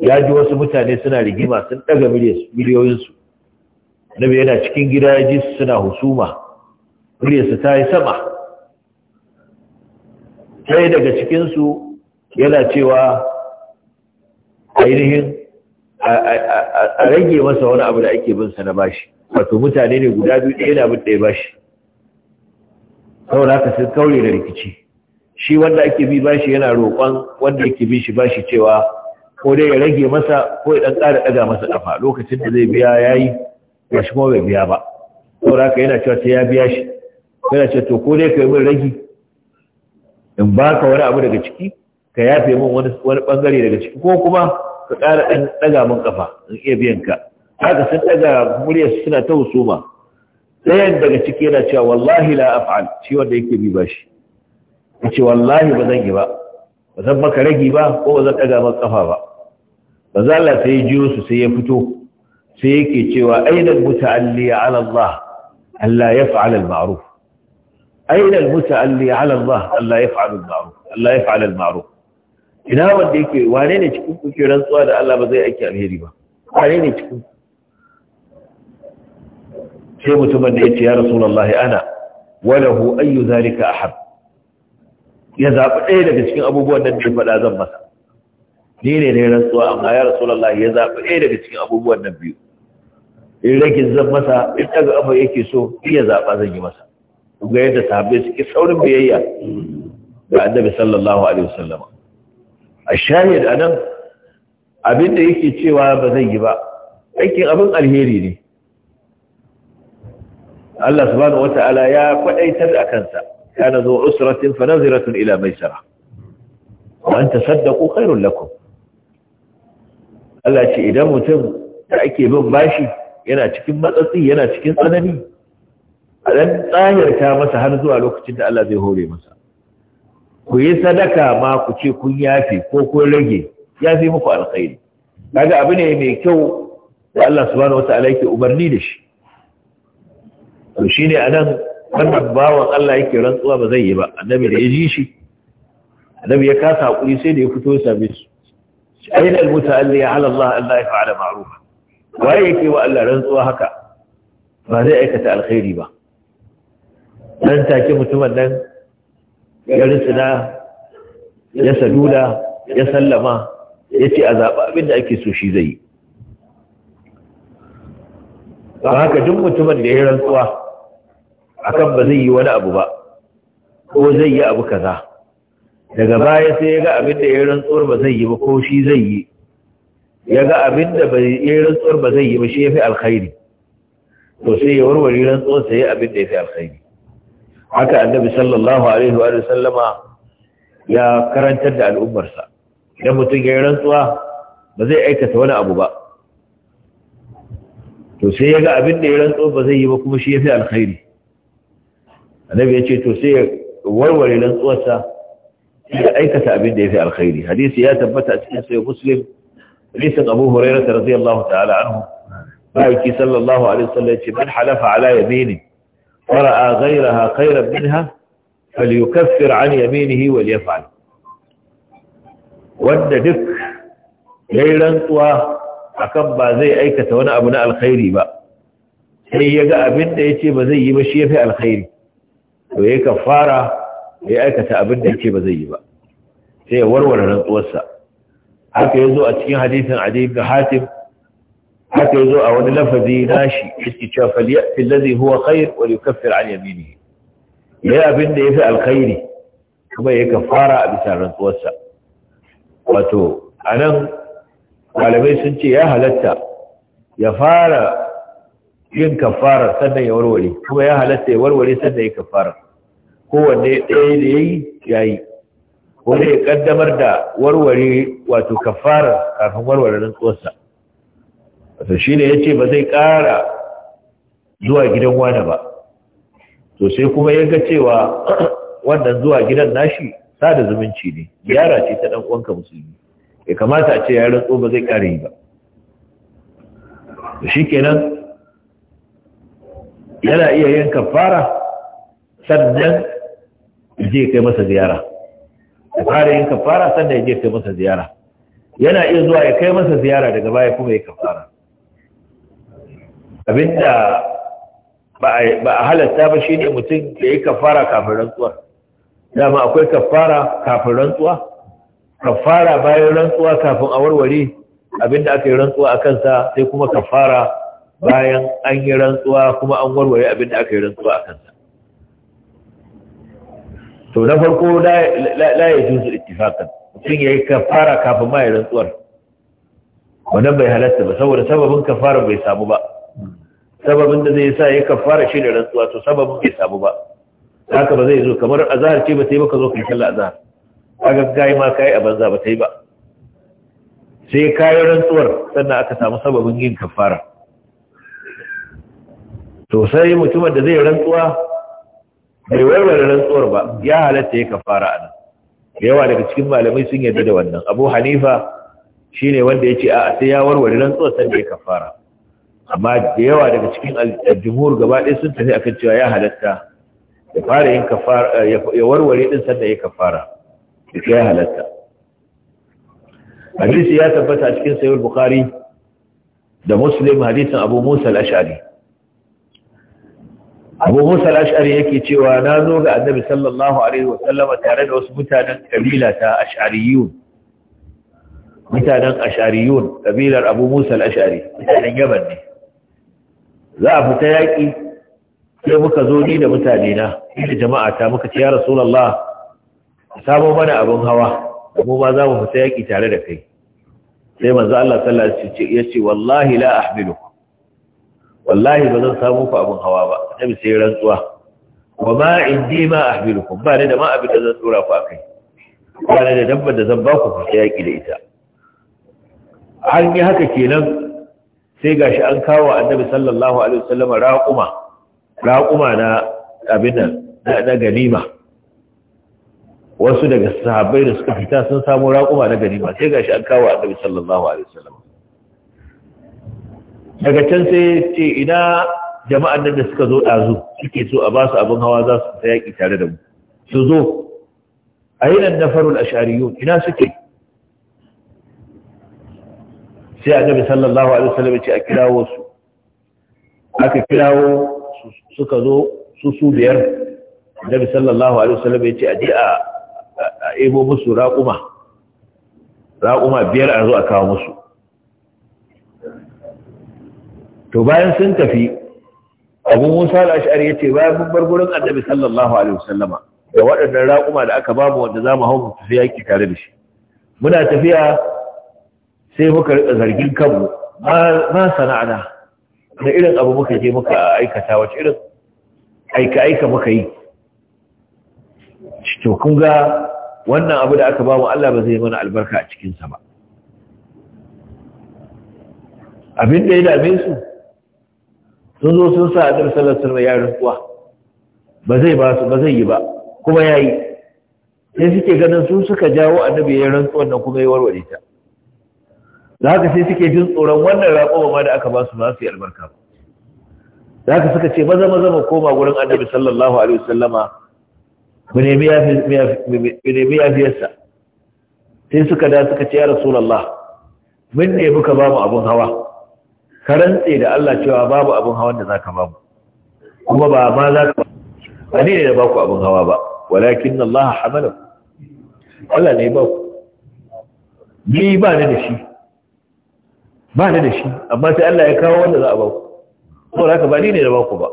ya ji wasu mutane suna rigima sun ɗaga miliyoyinsu annabi yana cikin gida ya suna husuma muryarsa ta yi sama sai daga cikinsu yana cewa ainihin a rage masa wani abu da ake bin sa na bashi wato mutane ne guda biyu ɗaya na bin ɗaya bashi saboda haka sun kaure da rikici shi wanda ake bi bashi yana roƙon wanda yake bi shi bashi cewa ko dai ya rage masa ko ya ɗan ƙara ɗaga masa ƙafa lokacin da zai biya ya yi ba shi kuma bai biya ba saboda haka yana cewa sai ya biya shi yana cewa to ko dai ka yi min ragi in baka wani abu daga ciki ka yafe min wani wani bangare daga ciki ko kuma ka ƙara ɗan ɗaga min ƙafa, in iya biyan ka haka sun ɗaga muryar suna ta husuma ɗayan daga ciki yana cewa wallahi la af'al shi wanda yake bi bashi yace wallahi ba zan yi ba ba zan maka ragi ba ko ba zan ɗaga min ƙafa ba ba za Allah sai ya jiyo su sai ya fito sai yake cewa aina muta'alli ala Allah Allah yaf'al al-ma'ruf aina muta'alli ala Allah Allah yaf'al al-ma'ruf Allah yaf'al al-ma'ruf ina wanda yake wane ne cikin ku ke rantsuwa da Allah ba zai aiki alheri ba wane ne cikin sai mutumin da yace ya rasulullahi ana walahu ayyu zalika ahab ya zabi ɗaya daga cikin abubuwan da bai faɗa zan masa ni ne ne rantsuwa amma ya rasulullahi ya zabi ɗaya daga cikin abubuwan nan biyu in rage zan masa in daga abu yake so in ya zaba zan yi masa ga yadda sahabbai suke saurin biyayya ga annabi sallallahu alaihi wasallam a shahid anan abinda yake cewa ba zai yi ba aikin abin alheri ne Allah subhanahu wata'ala ya kwadaitar da kansa kana zuwa usratin fa naziratun ila maisara wa tasaddaqu khairul lakum Allah ce idan mutum da ake bin bashi yana cikin matsatsi yana cikin tsanani a dan ta masa har zuwa lokacin da Allah zai hore masa ku yi sadaka ma ku ce kun yafe ko ku rage ya fi muku alkhairi kaga abu ne mai kyau da Allah subhanahu wataala yake umarni da shi to shine anan wannan bawan Allah yake rantsuwa ba zai yi ba annabi da ya ji shi annabi ya kasa hakuri sai da ya fito ya same su aina almutaalli ala Allah Allah ya fa'ala ma'rufa waye yake wa Allah rantsuwa haka ba zai aikata alkhairi ba dan take mutumin nan ya rintsina ya saduda ya sallama ya ce a zaɓa abin da ake so shi zai yi ba haka duk mutumin da ya rantsuwa a kan ba zai yi wani abu ba ko zai yi abu kaza daga baya sai ya ga abin da ya rantsuwar ba zai yi ba ko shi zai yi ya ga abin da ya rantsuwar ba zai yi ba shi ya fi alkhairi to sai ya warware rantsuwar sai ya abin da ya fi alkhairi haka annabi sallallahu alaihi wa sallama ya karantar da al'ummarsa idan mutum ya yi rantsuwa ba zai aikata wani abu ba to sai ya ga abin da ya rantsuwa ba zai yi ba kuma shi ya fi alkhairi annabi ya ce to sai ya warware rantsuwarsa ya aikata abin da ya fi alkhairi hadisi ya tabbata a cikin sai muslim hadisin abu hurairah radiyallahu ta'ala anhu bayan ki sallallahu alaihi wasallam ce man halafa ala yaminin ورأى غيرها خيرا منها فليكفر عن يمينه وليفعل wanda duk yayi rantsuwa akan ba zai aikata wani abu na alkhairi ba sai ya ga abin da yace ba zai yi ba shi yafi alkhairi to yayi kafara ya aikata abin da yace ba zai yi ba sai ya warware rantsuwarsa haka yazo a cikin hadisin Adi ibn Hatim haka zo a wani lafazi nashi yake cewa falyati allazi huwa khair wa yukaffir an yaminihi yayi abin da yafi alkhairi kuma yayi kafara a bisa rantsuwarsa wato anan malamai sun ce ya halatta ya fara yin kafara sannan ya warware kuma ya halatta ya warware sannan ya kafara kowanne ɗaya da yayi yayi wanda ya da warware wato kafara kafin warware rantsuwarsa to shi ne ya ce ba zai ƙara zuwa gidan wane ba to sai kuma ya ga cewa wannan zuwa gidan nashi sada zumunci ne yara ce ta ɗan uwanka musulmi ya kamata a ce ya rantso ba zai ƙara yi ba to shi kenan yana iya yin kafara sannan je kai masa ziyara ya fara yin kafara sannan ya je kai masa ziyara yana iya zuwa ya kai masa ziyara daga baya kuma ya kafara abinda ba a halatta ba shi ne mutum da ya kafara kafin rantsuwa dama akwai kafara kafin rantsuwa kafara bayan rantsuwa kafin a warware abinda aka yi rantsuwa a kansa sai kuma kafara bayan an yi rantsuwa kuma an warware abinda aka yi rantsuwa a kansa to na farko la ya su ittifaqan mutum ya yi kafara kafin ma ya rantsuwar wannan bai halatta ba saboda sababin kafara bai samu ba sababin da zai sa ya kafara shi da rantsuwa to sababin bai samu ba haka ba zai zo kamar azhar ce ba sai baka zo kai sallah azhar kaga kai ma kai a banza ba sai ba sai kai rantsuwar sannan aka samu sababin yin kafara to sai mutumin da zai rantsuwa bai warware rantsuwar ba ya halatta ya kafara anan yawa daga cikin malamai sun yarda da wannan abu hanifa shine wanda ya ce a sai ya warware rantsuwar sannan ya kafara amma da yawa daga cikin aljihur gaba ɗaya sun tafi akan cewa ya halatta ya fara yin kafara ya warware din sanda ya kafara ya halatta hadisi ya tabbata a cikin sahih bukhari da muslim hadisin abu musa al-ash'ari abu musa al-ash'ari yake cewa na zo ga annabi sallallahu alaihi wa sallam tare da wasu mutanen kabila ta ash'ariyun mutanen ash'ariyun kabilar abu musa al-ash'ari mutanen yaban ne za a fita yaƙi sai muka zo ni da mutane na da jama'a ta muka ce ya rasulullah samo mana abin hawa mu ma za mu fita yaƙi tare da kai sai manzo Allah sallallahu alaihi wasallam ya ce wallahi la ahmilukum wallahi ba zan samu ku abin hawa ba annabi sai rantsuwa wa ma indi ma ahmilukum ba ne da ma abin da zan tura ku akai ba ne da dabbar da zan ba ku fita yaƙi da ita an yi haka kenan sai gashi an kawo annabi sallallahu alaihi wasallam raquma raquma na ganima wasu daga sahabbai da suka fita sun samu raquma na ganima sai gashi an kawo annabi sallallahu alaihi wasallam daga can sai ce ina jama'an nan da suka zo dazu suke so a basu abin hawa za su ta yaki tare da mu su zo a yi nan nafarul ashariyun ina suke sai annabi sallallahu alaihi wasallam ya ce a kirawo su aka kirawo suka zo su su biyar annabi sallallahu alaihi wasallam ya ce a je a ebo musu raƙuma raƙuma biyar a zo a kawo musu to bayan sun tafi abu musa al'ashari ya ce bayan mun bar gurin annabi sallallahu alaihi wasallam da waɗannan raƙuma da aka bamu wanda za mu hau mu tafi yaki tare da shi muna tafiya sai muka rika zargin kanmu ma sana'ana da irin abu muka je muka aikata wacce irin aika-aika muka yi to kun ga wannan abu da aka ba mu Allah ba zai mana albarka a cikinsa ba abin da ya dame su sun zo sun sa adar salatar mai yarin kuwa ba zai ba su ba zai yi ba kuma ya yi sai suke ganin su suka jawo annabi ya rantsuwan nan kuma ya warware ta da haka sai suke jin tsoron wannan raƙo ma da aka ba su na su yi albarka ba da haka suka ce maza maza mu koma gurin annabi sallallahu alaihi wasallama mu nemi yafiyarsa sai suka da suka ce ya rasulallah mun ne muka ba mu abin hawa ka rantse da Allah cewa babu abin hawan da zaka ba mu kuma ba ma za ka ba ne da ba ku abin hawa ba walakin Allah hamala Allah ne ba ku ni ba ne da shi ba ni da shi amma sai Allah ya kawo wanda za a ba ku haka ba ni ne da ba ku ba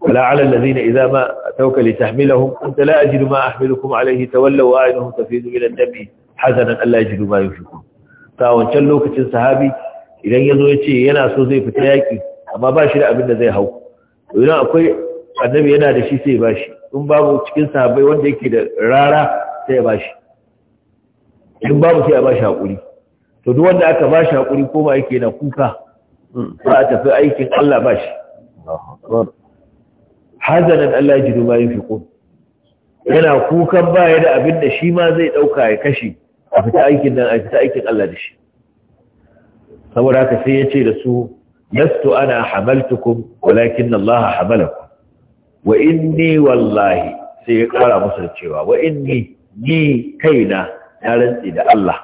wala ala allazina idza ma atawka li tahmilahum anta la ajidu ma ahmilukum alayhi tawallu wa ayyuhum tafidu ila dabi hazanan alla ajidu ma yufikum ta wancan lokacin sahabi idan yazo yace yana so zai fita yaki amma ba shi da abin da zai hau to idan akwai annabi yana da shi sai ba shi in babu cikin sahabbai wanda yake da rara sai ya ba shi in babu sai ya ba shi hakuri. to duk wanda aka ba shi haƙuri ko ba yake na kuka ba hmm, a tafi aikin Allah ba shi hazanan Allah ji ma yin fiƙo yana kukan baya da abin da shi ma zai ɗauka ya kashe a fita aikin nan a fita aikin Allah da shi saboda haka sai ya ce da su lastu ana hamaltukum walakin Allah hamalakum wa inni wallahi sai ya kara musu da cewa wa inni ni kaina na rantsi da Allah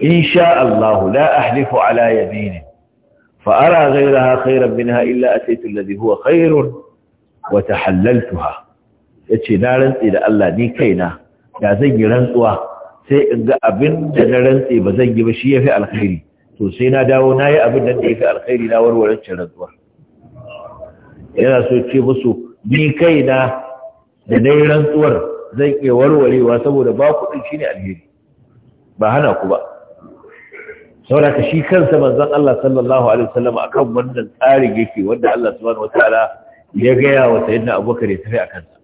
in sha Allah la ahlifu ala yamini fa ara ghayraha khayran minha illa ataitu alladhi huwa khayrun wa tahallaltuha yace na rantsi da Allah ni kaina da zan yi rantsuwa sai in ga abin da na rantsi ba zan yi ba shi yafi alkhairi to sai na dawo na yi abin da yafi alkhairi na warware rantsuwa yana so ce musu ni kaina da na yi rantsuwar zan iya warwarewa saboda ba kuɗin shi ne alheri ba hana ku ba saboda shi kansa manzon Allah sallallahu alaihi wasallam akan wannan tsarin yake wanda Allah subhanahu wataala ya gaya wa sayyidina Abubakar ya tafi akan sa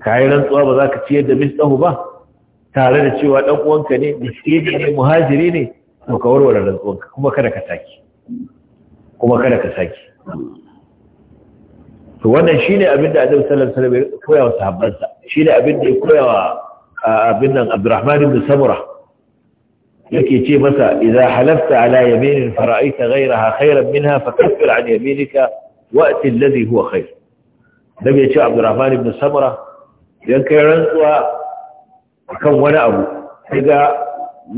kai rantsuwa ba za ka ciyar da misdahu ba tare da cewa dan uwanka ne miskini ne muhajiri ne to ka warware rantsuwanka kuma kada ka saki kuma kada ka saki to wannan shine abin da Annabi sallallahu alaihi wasallam ya koya wa sahabbansa shine abin da ya koya wa abin nan Abdurrahman ibn Samurah yake ce masa idan halafta ala yaminin fara'aita ghayraha khayran minha fakaffir an yaminika wa'ti alladhi huwa khayr da ce Abdurrahman ibn Samra idan kai rantsuwa akan wani abu kaga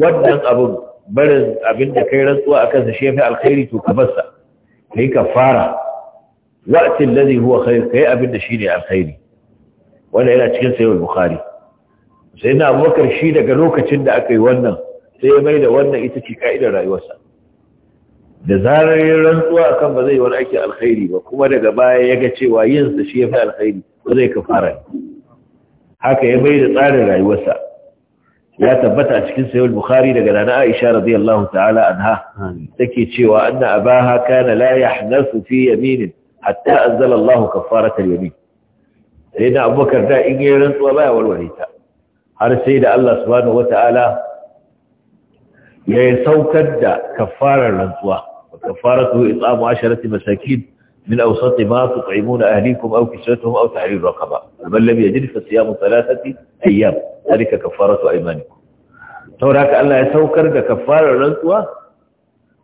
wannan abu barin abinda kai rantsuwa akan sa shefi alkhairi to ka barsa kai kafara wa'ti alladhi huwa khayr kai abinda shine alkhairi wannan yana cikin sahih al-Bukhari sai na Abubakar shi daga lokacin da aka yi wannan sai ya mai da wannan ita ce ka'idar rayuwarsa da zarar ya rantsuwa akan ba zai wani aikin alkhairi ba kuma daga baya ya ga cewa yin sa shi ya fi alkhairi ba zai kafara haka ya mai da tsarin rayuwarsa ya tabbata a cikin sayar bukhari daga nana aisha radiyallahu ta'ala anha take cewa anna abaha kana la yahnasu fi yaminin hatta anzala Allahu kaffaratal yamin sai da abubakar da in yi rantsuwa baya warware ta har sai da Allah subhanahu ya saukar da kafarar rantsuwa kafaratu it'amu asharati masakin min awsati ma tut'imuna ahlikum aw kiswatuhum aw tahrir raqaba man lam yajid fa siyamu thalathati ayyam zalika kafaratu aymanikum ka Allah ya saukar da kafarar rantsuwa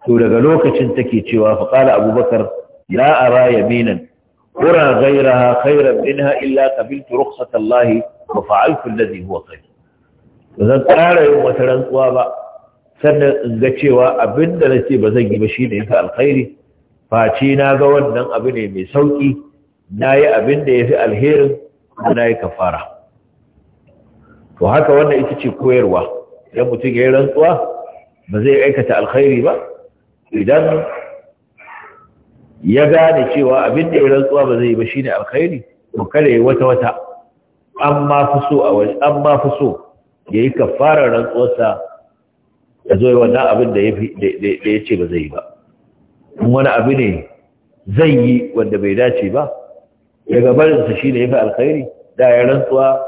to daga lokacin take cewa fa qala abubakar la ara yaminan ura ghayraha khayran minha illa qabiltu rukhsatallahi wa fa'altu alladhi huwa khayr zan tsara yin wata rantsuwa ba sannan in ga cewa abin da nace ba zan yi ba shine ka alkhairi Faci na ga wannan abu ne mai sauki nayi abin da yafi alherin nayi kafara to haka wannan ita ce koyarwa idan mutum ya yi rantsuwa ba zai aikata alkhairi ba idan ya gane cewa abin da ya rantsuwa ba zai yi ba shine alkhairi to kada ya wata wata an ma fi so a waje an ma fi so ya yi rantsuwarsa ya zo yi wannan abin da ya ce ba zai yi ba wani abu ne zai yi wanda bai dace ba daga barinsa shi ne ya fi alkhairi da ya rantsuwa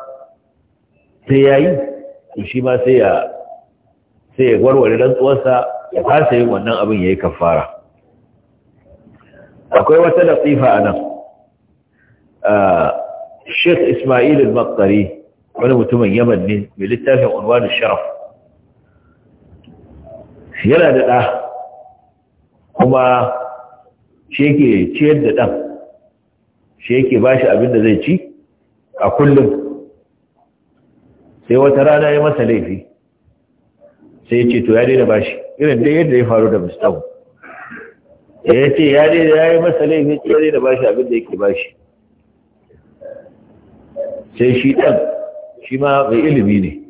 sai ya yi shi ma sai ya warware rantsuwarsa ya fasa yin wannan abin ya yi kafara akwai wata tsifa a nan sheikh ismail al wani mutumin yaman ne mai littafin unwani sharaf yana da ɗa kuma shi yake ciyar da ɗan shi yake ba shi abin da zai ci a kullum sai wata rana ya masa laifi sai ya ce to ya daina ba shi irin dai yadda ya faru da mustawu ya ce ya daina ya yi masa laifi ya daina ba shi abin da yake ba shi sai shi ɗan shi ma mai ilimi ne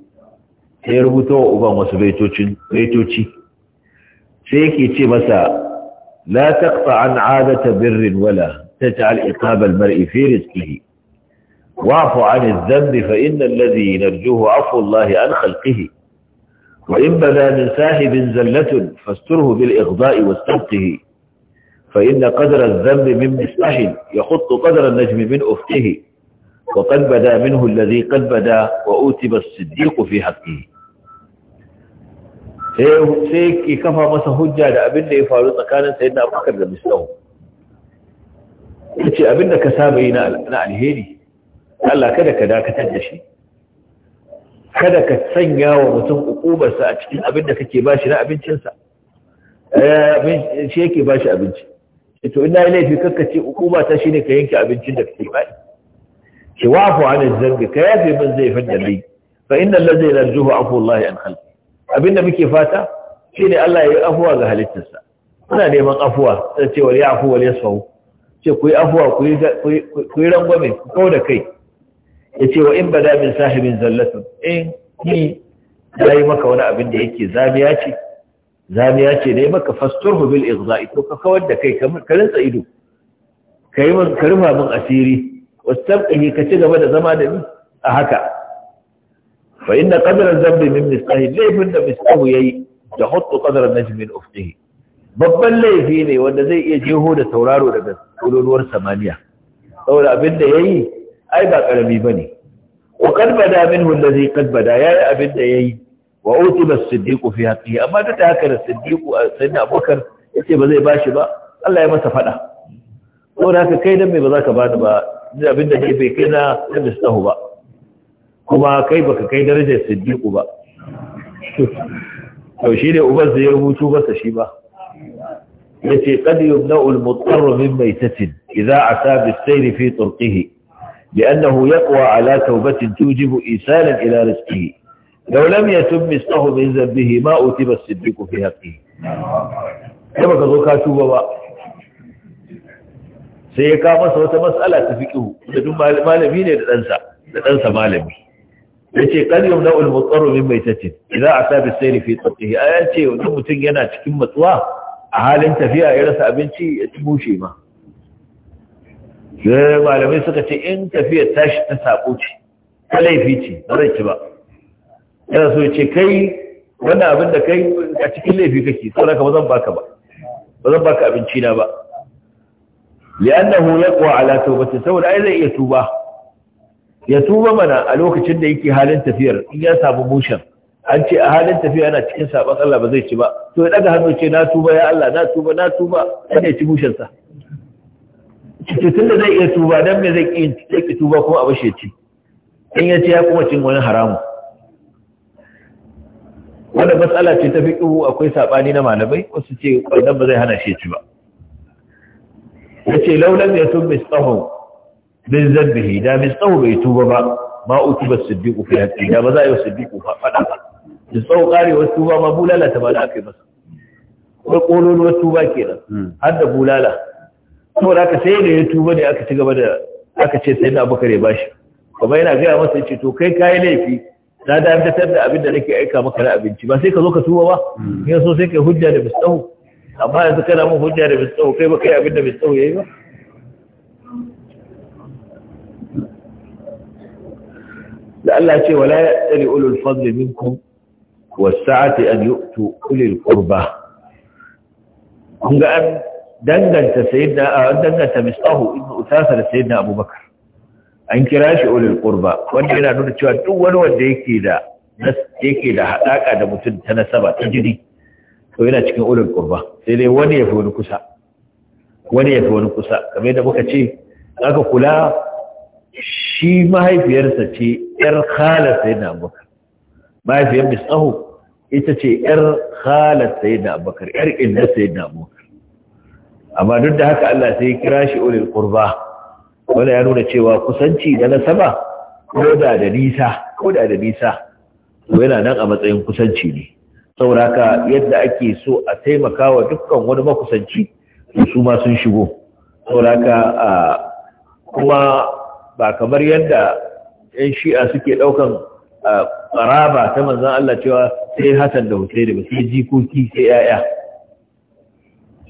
sai ya rubuta wa uban wasu baitoci sai yake ce masa la taqta an adata birr wala taj'al iqab al-mar'i fi rizqihi wa'fu 'an adh dhanb fa inna alladhi narjuhu 'afwu Allahi 'an khalqihi wa in bada min وإن بدا من ساحب زلة fa inna qadra فإن dhanb min من مصبح qadra قدر النجم min ufqihi وقد بدا منه الذي قد بدا وأوتب الصديق في حقه Eh, sai ke kafa masa hujja da abin da ya faru tsakanin sayi na abubakar da mislahu ya ce abin da ka saba yi na alheri Allah kada ka dakatar da shi kada ka sanya wa mutum ukubarsa a cikin abin da kake bashi na abincinsa eh, shi yake bashi abinci to ina yi laifi kakka ce ukuba ta ne ka yanke abincin da kake bai ki wafo an zarge ka yafe min zai fadda lai fa innal ladzi yarjuhu afu Allah an khalqi Abin da muke fata shi ne Allah ya yi afuwa ga halittarsa ana neman afuwa sai ce wal yafu wal yasfu ce ku yi afuwa ku yi ku yi rangwame kawo da kai yace wa in bada min sahibin zallatun in ni yi maka wani abin da yake zamiya ce zamiya ce ne maka fasturhu bil ighza'i ko ka kawar da kai ka rinsa ido kai mun karma mun asiri wastabqi ka ci gaba da zama da ni a haka fa inna qadra dhanbi min mistahi laifin da mistahu yayi da hutu qadra najmi min ufqihi babban laifi ne wanda zai iya jeho da tauraro daga kururuwar samaniya saboda abin da yi ai ba ƙarami karami bane wa qad min minhu allazi qad bada yayi abin da yayi wa utiba as-siddiq fi haqqihi amma duk da ta haka da siddiq abokan ya ce ba zai ba shi ba Allah ya masa faɗa. saboda haka kai dan me ba za ka bani ba abin da ke bai kai na da mistahu ba kuma kai baka kai darajar siddiqu ba to shi ne uban zai rubutu masa shi ba yace qad yubna'u al-muttar min baytatin idza asa bis-sayr fi turqihi لأنه يقوى على توبة توجب إيسانا إلى رزقه لو لم يتم مثله من ذنبه ما أتب الصديق في حقه كما كذو كاتوبة بقى sai ya kawo masa wata matsala ta fiƙihu da duk malami ne da ɗansa da ɗansa malami yace qad yumna al mutarru min baytatin a asa sai sayri fi tsatihi ayan ce wani mutum yana cikin matsuwa a halin tafiya ya rasa abinci ya ci bushe ma sai malamai suka ce in tafiya tashi ta sako ce ta laifi ce ba zai ci ba yana so ce kai wannan abin da kai a cikin laifi kake saboda ka ba zan baka ba ba zan baka abinci na ba li'annahu yaqwa ala tawbati saboda ai zai iya tuba ya tuba mana a lokacin da yake halin tafiyar in ya samu mushen an ce a halin tafiya yana cikin sabon Allah ba zai ci ba to ya daga hannu ce na tuba ya Allah na tuba na tuba kada ya ci mushen sa tun da zai iya tuba dan me zai ki take tuba kuma a bashe ci in ya ci ya kuma cin wani haramu wannan matsala ce ta fiqhu akwai sabani na malamai wasu ce wannan ba zai hana shi ci ba yace laulan ya tumbi tsaho bin zabbihi da bi tsawo bai tuba ba ma uku ba siddiqu fi hadi da ba za yi siddiqu faɗa ba da tsawo wa tuba ma bulala ta ba da aka yi masa ko wa tuba kenan hmm. har da bulala da ka sai da ya tuba ne aka ci gaba da aka ce sai na abubakar ya bashi kuma yana gaya masa ya ce to kai kayi laifi na dakatar da abin da nake aika maka na abinci ba sai ka zo ka tuba ba hmm. in so sai kai hujja da mistahu amma yanzu kana mun hujja da mistahu kai ba kai abin da mistahu yayi ba da Allah ce wa ya'tali ulul fadli minkum wasa'ati an yu'tu ulil qurba Kunga an danganta sayyidina an danganta misahu ibnu utasa da sayyidina abubakar an kira shi ulil qurba wanda yana nuna cewa duk wani wanda yake da yake da hadaka da mutum ta nasaba ta jini to yana cikin ulul qurba sai dai wani ya fi wani kusa wani ya fi wani kusa kamar yadda muka ce aka kula shi mahaifiyarsa ce ‘yar khalar sai na abubakar mahaifiyar tsaho ita ce ‘yar khalar sai na ‘yar inda sai na amma duk da haka Allah sai kira shi olin kurba wanda ya nuna cewa kusanci da nasaba ko da da nisa ko da da nisa yana nan a matsayin kusanci ne saboda haka yadda ake so a taimaka wa dukkan wani makusanci su ma sun shigo saboda haka kuma ba kamar yadda yan shi'a suke ɗaukan ƙaraba ta manzan Allah cewa sai Hassan da Hussein ba sai jikoki sai ‘ya'ya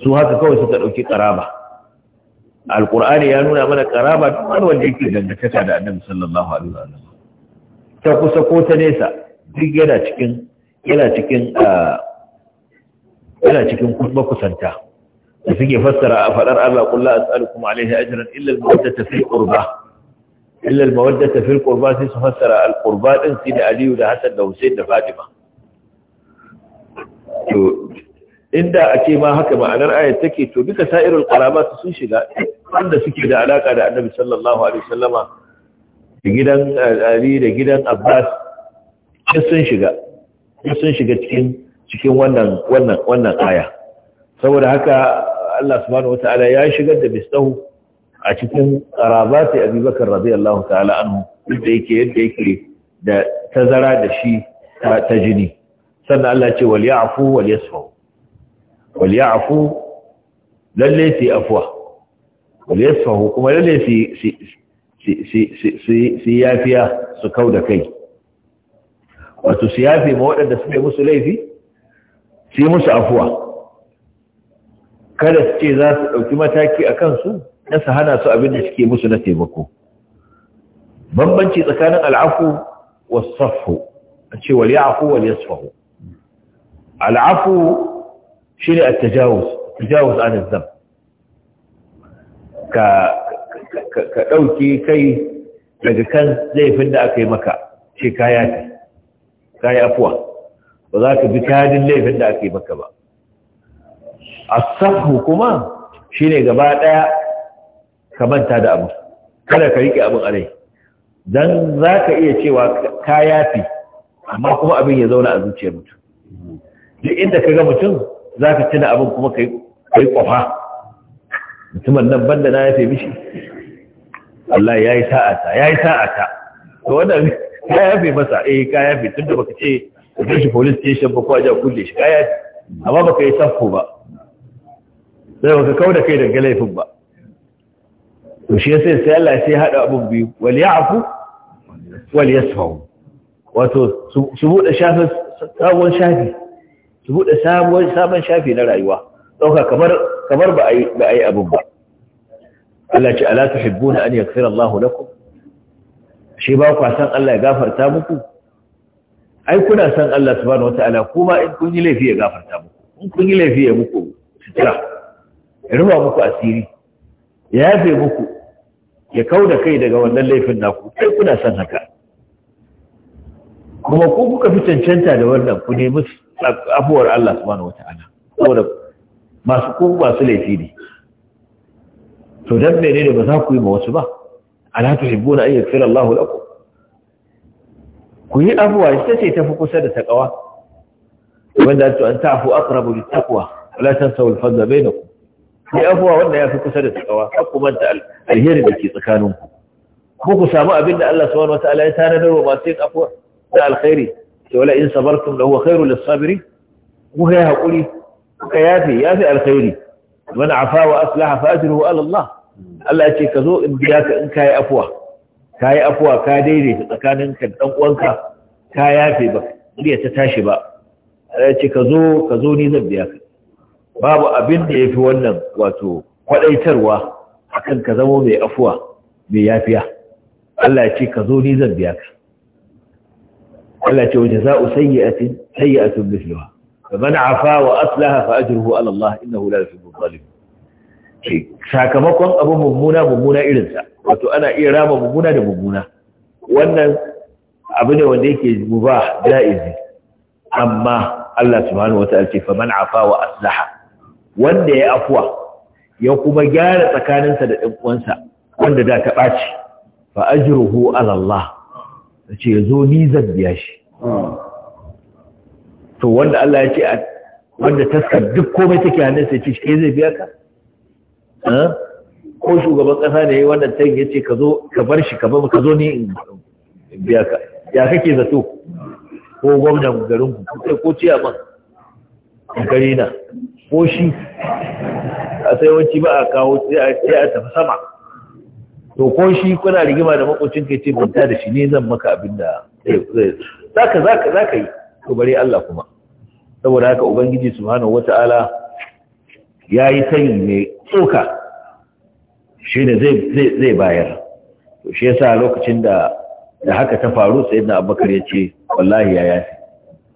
su haka kawai suka ɗauki ƙaraba alƙur'ani ya nuna mana ƙaraba duk wani wanda yake dangantaka da annabi sallallahu alaihi wa ta kusa ko ta nesa duk yana cikin yana cikin makusanta da suke fassara a faɗar Allah kullu kuma alaihi ajran illa al ta tafi qurba illa al-mawaddata fil qurba sai su fassara al-qurba din sai da Aliyu da Hassan da Hussein da Fatima to inda a ma haka ma'anar ayat take to duka sa'irul qaraba sun shiga wanda suke da alaka da Annabi sallallahu alaihi wasallama da gidan Ali da gidan Abbas sun shiga sun shiga cikin cikin wannan wannan wannan aya saboda haka Allah subhanahu wataala ya shigar da mistahu a cikin karabati abubakar radiyallahu ta'ala anhu da yake yadda yake da tazara da shi ta jini sannan Allah ce wal ya'fu wal yasfu wal ya'fu lalle fi afwa wal yasfu kuma lalle fi su yafiya su kau da kai wato su yafi ma wadanda suke musu laifi su musu afuwa kada su ce za su ɗauki mataki a kansu na su hana su abin da suke musu na taimako bambanci tsakanin al'afu wa safu a ce wal ya'fu wal yasfahu al'afu shine a tajawus, tajawus an az ka ɗauki kai daga kan laifin da aka yi maka ce kaya ta, kaya afuwa ba za ka bi kayanin laifin da aka yi maka ba A safu kuma shine gaba ɗaya. ka manta da abu kada ka riƙe abin alai don za ka iya cewa ka yafi amma kuma abin ya zauna a zuciyar mutum duk inda ka ga mutum za ka tuna abin kuma ka yi ƙofa. mutumin nan banda na yafe mishi Allah ya yi sa'ata ya yi sa'ata to wannan ka yafe masa eh ka yafe tun da baka ce ka kai shi police station ba ko kulle shi ka yafe amma baka yi safko ba sai baka da kai daga laifin ba to shi sai sai Allah sai hada abun biyu wal ya'fu wal yasfu wato su bude shafi sabon shafi su bude sabon sabon shafi na rayuwa dauka kamar kamar ba ai ba ai abun ba Allah ce ala tuhibbuna an yaghfira Allahu lakum shi ba ku san Allah ya gafarta muku ai kuna san Allah subhanahu wataala kuma in kun yi laifi ya gafarta muku in kun yi laifi ya muku sutura ruba muku asiri ya yafe muku ya kau da kai daga wannan laifin naku kai kuna son haka kuma ku kuka fi cancanta da wannan ku nemi abuwar Allah subhanahu wata'ala saboda masu ku masu laifi ne to dan ne ba za ku yi ma wasu ba ala na ayyuka yaghfira Allahu lakum ku yi abuwa ita ce ta fi kusa da taqwa wanda to an ta'fu aqrabu lit taqwa wala tansaw al fadla bainakum sai afuwa wanda ya fi kusa da tsawa kar ku manta alheri da ke tsakanin ku ko ku samu abin da Allah subhanahu wataala ya tanadar wa masu yin afuwa da alkhairi sai wala in sabartum lahu khairul lisabiri ku kai hakuri ka yafi yafi alkhairi man afa wa aslaha fa ajruhu ala Allah Allah ya ce ka zo in biya ka in kai afuwa kai afuwa ka daidaita tsakaninka da dan uwanka ka yafe ba iya ta tashi ba ya ce ka zo ka zo ni zan biya ka babu abin da ya fi wannan wato kwadaitarwa akan ka zama mai afuwa mai yafiya Allah ya ce ka zo ni zan biya ka Allah ya ce wajen za'u sayyi'atin sayyi'atun mithluha faman afa wa aslaha fa ajruhu ala Allah innahu la yuhibbu zalim sakamakon abu mummuna mummuna irinsa wato ana iya rama mummuna da mummuna wannan abu ne wanda yake mubah ja'izi amma Allah subhanahu wa ta'ala ce faman afa wa aslaha wanda ya afuwa ya kuma gyara tsakaninsa da ɗan uwansa wanda da ta ɓaci fa ajruhu ala Allah ce yazo ni zan biya shi to wanda Allah ya ce wanda taska duk komai take hannun sai ce shi zai biya ka ko shugaban kasa ne wanda ta ya ce ka zo ka bar shi ka bar ka zo ni biya ka ya kake zato ko gwamnan garin ku ko ciyaman garina ko a sai wanci ba a kawo sai a tafi sama to ko kuna rigima da makocin ka ce banta da shi ne zan maka abin da zaka zaka zaka yi to bare Allah kuma saboda haka ubangiji subhanahu wataala yayi sanin mai tsoka shine zai zai zai bayar to shi yasa lokacin da da haka ta faru da Abubakar ya ce wallahi ya yafi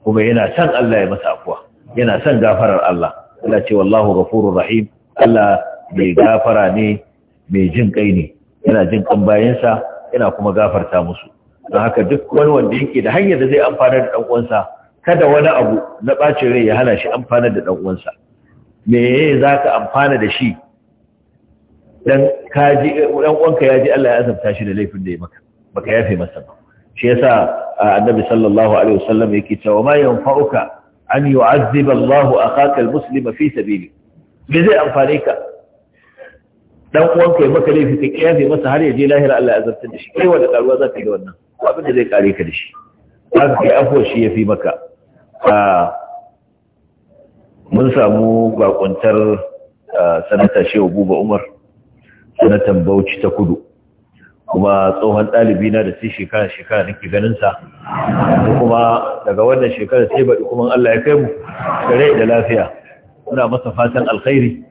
kuma yana san Allah ya masa afuwa yana son gafarar Allah Allah ce wallahu ghafurur rahim Allah mai gafara ne mai jin kai ne yana jin kan bayansa yana kuma gafarta musu A haka duk wani wanda yake da hanyar da zai amfana da dan uwansa kada wani abu na bacin rai ya hana shi amfana da dan uwansa me za ka amfana da shi dan kaji dan uwanka ya ji Allah ya azabta shi da laifin da ya maka baka yafe masa ba shi yasa annabi sallallahu alaihi wasallam yake cewa ma yanfa'uka an yu'azzib Allah akhaka al-muslima fi sabili me zai amfane ka Ɗan uwan kai maka laifi ka kiyaye masa har ya je lahira Allah ya zartar da shi kai wanda za ka yi wannan ko abin da zai kare ka da shi ka kai afwa shi fi maka mun samu bakuntar sanata Shehu Buba Umar sanatan Bauchi ta Kudu kuma tsohon ɗalibi na da sai shekara-shekara nake ganinsa kuma daga wannan shekara sai baɗi kuma Allah ya kai mu rai da lafiya muna masa fatan alkhairi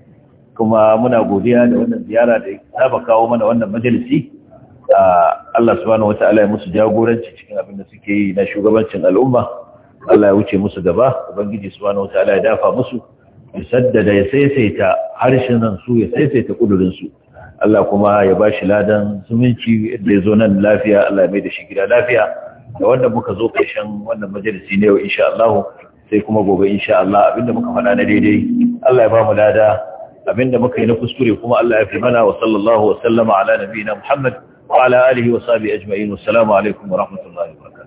kuma muna godiya da wannan ziyara da ya saba kawo mana wannan majalisi Allah subhanahu ta'ala ya musu jagoranci cikin abin da suke yi na shugabancin al'umma Allah ya wuce musu gaba ubangiji subhanahu ta'ala ya dafa musu ya saddada ya saisaita harshen su ya saisaita kudurin su Allah kuma ya ba shi ladan zumunci da ya zo nan lafiya Allah mai da shi gida lafiya da wanda muka zo ƙarshen wannan majalisi ne yau insha Allah sai kuma gobe insha Allah abinda muka faɗa na daidai Allah ya ba mu lada abinda muka yi na kuskure kuma Allah ya fi mana wa sallallahu wa sallama ala nabiyina Muhammad wa ala alihi wa sahbihi ajma'in assalamu alaikum wa rahmatullahi wa barakatuh